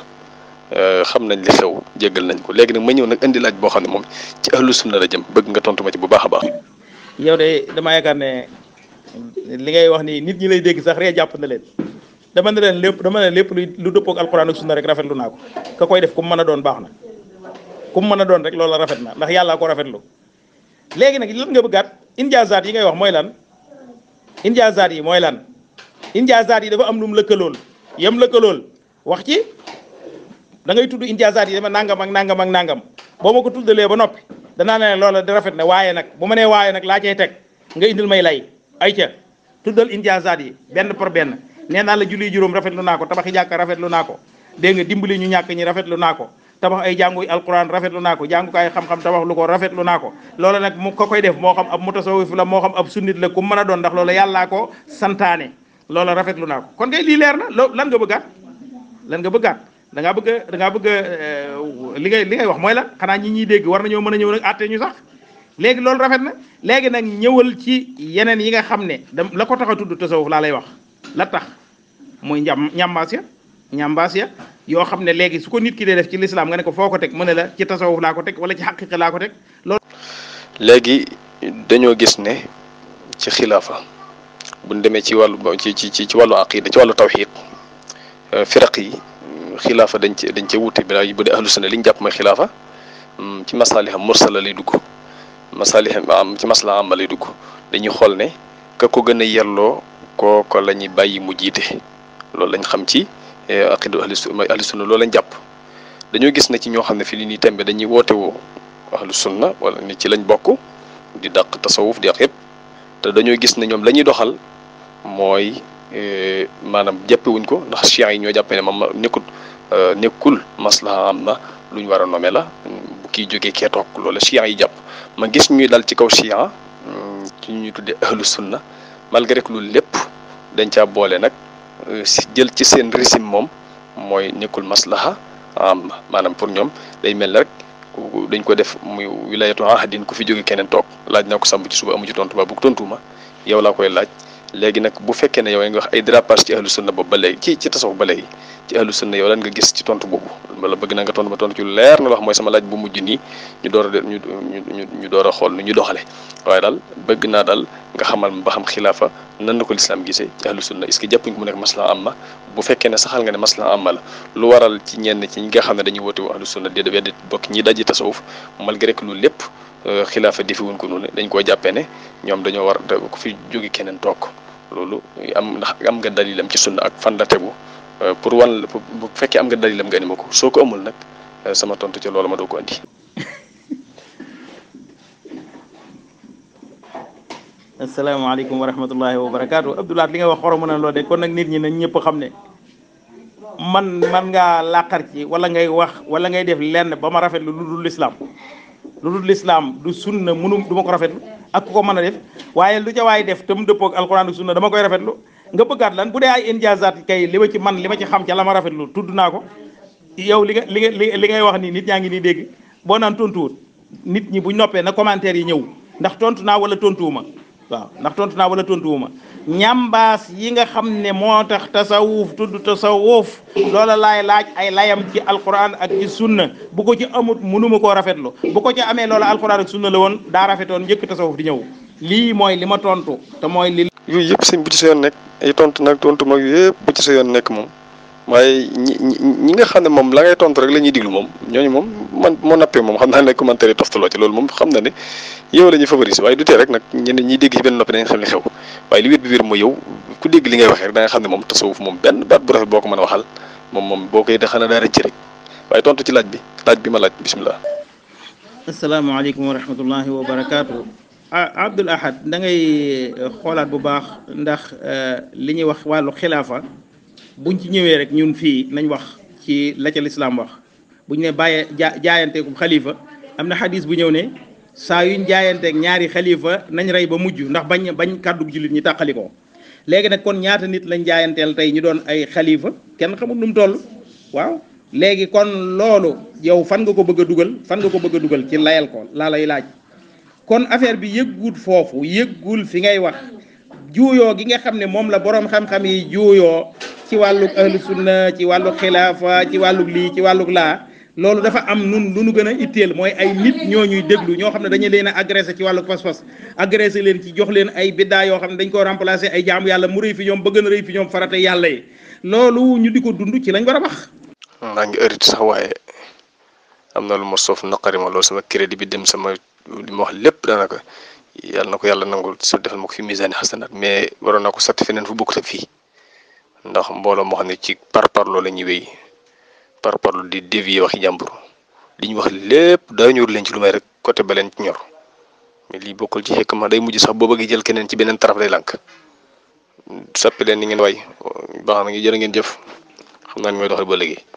Euh, xam nañ li xew jéggal nañ ko léegi nag ma ñëw nag indi boo xam ne moom ci ahlu sunna la jëm bëgg nga tontu ma ci bu baax a baax. yow de damaa yaakaar ne li ngay wax ni nit ñi lay dégg sax ree jàpp na leen dama ne leen lépp dama ne lépp lu dëppoo ak alxuraan ak sunna rek rafetlu naa ko ka koy def ku mu mën a doon baax na ku mu mën doon rek a rafet na ndax yàllaa ko rafetlu léegi nag lan nga bëggaat injaazaat yi ngay wax mooy lan injaazaat yi mooy lan injaazaat yi dafa am lu mu lëkkalool yam lëkkalool wax ci da ngay tudd injaasaat yi dama nangam ak nangam ak nangam boo ma ko tuddalee ba noppi danaa ne loola da rafet ne waaye nag bu ma nee waaye nag laa cay teg nga indil may lay ay ca tuddal injaasaat yi benn par benn nee naa la julli juróom rafetlu naa ko tabaxi jàkka rafetlu naa ko dégg nga dimbali ñu ñàkk ñi rafetlu naa ko tabax ay jàngu alquran rafetlu naa ko jàngukaay xam-xam tabax lu ko rafetlu naa ko loola nag mu ko koy def moo xam ab mutasawif la moo xam ab sunnit la ku mën a doon ndax loola yàllaa ko santaane loola rafetlu naa ko kon leer na lan nga bëggaat lan nga bëggaat da ngaa bëgg a da bëgg a eh, li ngay li wax mooy lan xanaa ñii ñuy dégg war nañoo mën a ñëw nag attee ñu sax léegi loolu rafet na léegi nag ñëwal ci yeneen yi nga xam ne da la ko tax a tudd tasawuf laa lay wax la tax muy njàm ñàmbaas ya yoo xam ne léegi su ko nit ki dee def ci lislaam nga ne ko foo ko teg mu ne la ci tasawuf laa ko teg wala ci xaqiqa laa ko teg loolu léegi dañoo gis ne ci xilaafa buñ demee ci wàllu ci ci ci wàllu aqida ci wàllu tawxiq eh, firaq yi xilaafa dañ cee dañ cee wuute bi daal bu dee ahlu sunna li ñu jàpp mooy xilaafa hmm, ci masaliham mursala lay dugg masaliham am ci masla am lay dugg dañuy xool ne ka ko gën a yelloo kooko la ñuy bàyyi mu jiite loolu lañ xam ci eh, aqidu ahlu sunna ahlu sunna loolu lañ jàpp dañoo gis na ci ñoo xam ne fi li ñuy tembe dañuy woote woo ahlu sunna wala ni ci lañ bokk di daq tasawuf di ak yëpp te dañoo gis ne ñoom lañuy doxal mooy Eh, maanaam jàppewuñ ko ndax chiens yi ñoo jàppee ne moom nekkul euh, nekkul maslaha am ma lu ñu war a nommer la bu mm, jógee kee toog loole chiens yi jàpp ma gis ñuy dal ci kaw chiens mm, ci ñuy tuddee ahlu sunna malgré que lépp dañ caa boole nag euh, si jël ci seen régime moom mooy nekkul maslaha am maanaam pour ñoom day mel ne rek dañ ko def muy a ahadin ku fi jóge keneen toog laaj na ko sàmm ci suba amu ci tontu ba bu tontu ma yow laa koy laaj. léegi nag bu fekkee ne yow nga wax ay dérapage ci ahlu sunna boobu ba léegi ci ci tasawuf ba léegi ci ahlu sunna yow lan nga gis ci tontu boobu wala bëgg na nga tontu ma tontu ci leer na wax mooy sama laaj bu mujj nii ñu door a ñu ñu a xool nu ñu doxale waaye daal bëgg naa daal nga xamal ba xam xilaafa nan na ko lislaam gisee ci ahlu sunna est-ce que jàppuñ ko mu nekk masla amma bu fekkee ne saxal ne masla amma la lu waral ci ñenn ci ñi nga xam ne dañuy woote wu ahlu sunna déedéet weddi bokk ñi daji tasawuf malgré que loolu lépp euh, xilaafa defi wuñ ko noonu dañ koo jàppee ne ñoom dañoo war ku fi jóge keneen toog loolu am ndax am nga dalilam ci sunna ak fan la tegu Euh, pour wan bu fekke am nga dalilam nga indi amul nak euh, sama tontu ci loolu ma do ko andi. alaykum wa rahmatullahi wa barakatuh abdullah li nga wax xoromu de kon nak nit ñi nañ ñepp xamne man man nga laqar ci wala ngay wax wala ngay def lenn ba ma rafetlu lu dul islam lu dul islam du sunna munu duma ko rafet ak ko meuna def waye lu ca way def tam depok alquran sunna dama koy rafetlu nga bëggaat lan bu dee ay injaazaat kay li ma ci man li ma ci xam ca la ma rafetlu tudd naa ko yow li nga li nga li ngay wax nii nit ñaa ngi nii dégg boo naan tontuwut nit ñi bu noppee na commentaire yi ñëw ndax tontu naa wala tontuwuma waaw ndax tontu naa wala tontuwuma ñambaas yi nga xam ne moo tax tasawuf tudd tasawuf loola laay laaj ay layam ci alquran ak ci sunna bu ko ci amut mënuma koo rafetlu bu ko ci amee loola alquran ak sunna la woon daa rafetoon njëkk tasawuf di ñëw lii mooy li ma tontu te mooy li. yooyu yëpp sëñ bu sa yoon nekk ay tontu nag tontu mag yëpp bu ci sa yoon nekk moom waaye ñi ñi nga xam ne moom la ngay tontu rek la ñuy diglu moom ñooñu moom man moo nappee moom xam naa ne commentaire yi toftaloo ci loolu xam na ne yow la ñuy favoriser waaye du tee rek nag ñenn dégg ci benn noppi dañ xam ne xew waaye li wér bi wér mooy yow ku dégg li ngay waxee rek da xam ne moom tasawuf moom benn baat bu rafet boo ko mën a waxal moom moom boo koy xanaa daa rëcc rek waaye tontu ci laaj bi laaj bi ma laaj bisimilah. asalaamaaleykum wa rahmatullahi wa barakaatu. Abdul Ahad da ngay xoolaat bu baax ndax li ñuy wax wàllu xilaafa buñ ci ñëwee rek ñun fii nañ wax ci la ca lislaam wax buñ ne bàyyee ja jaayanteeku xalifa am na xadis bu ñëw ne saa yuñ jaayanteeg ñaari xalifa nañ rey ba mujj ndax bañ bañ kàddu jullit ñi tàqalikoo léegi nag kon ñaata nit lañ jaayanteel tey ñu doon ay xalifa kenn xamul nu mu toll waaw léegi kon loolu yow fan nga ko bëgg a dugal fan nga ko bëgg a dugal ci layal ko laa lay laaj kon affaire bi yëgguut foofu yëggul fi ngay wax juuyoo gi nga xam ne moom la boroom xam-xam yi juuyoo ci wàllug ahlu sunna ci wàllug xilaafa ci wàllug lii ci wàllug laa loolu dafa am nun lu nu gën a itteel mooy ay nit ñoo ñuy déglu ñoo xam ne dañu leen a ci wàllug pas-pas agressé leen ci jox leen ay biddaa yoo xam ne dañ koo remplacé ay jaamu yàlla mu rëy fi ñoom bëgg na rëy fi ñoom farata yàlla yi loolu ñu di ko dund ci lañ war a wax. maa ngi ërit sax waaye am sama crédit bi dem sama li ma wax lépp daanaka yàlla na ko yàlla nangul su defal ma ko fi misaani xasanaat mais waroon naa ko sotti feneen fu bokkut fii ndax mbooloo moo xam ne ci par parloo la ñuy wéy par parloo di dévier waxi jàmbur li ñu wax lépp daa ñor leen ci lu may rek côté ba leen ci ñor mais bokkul ci xekk ma day mujj sax boo gi jël keneen ci beneen taraf day lànk sàppi leen ni ngeen waay baax na ngi jërë ngeen jëf xam naa ni mooy doxal ba léegi.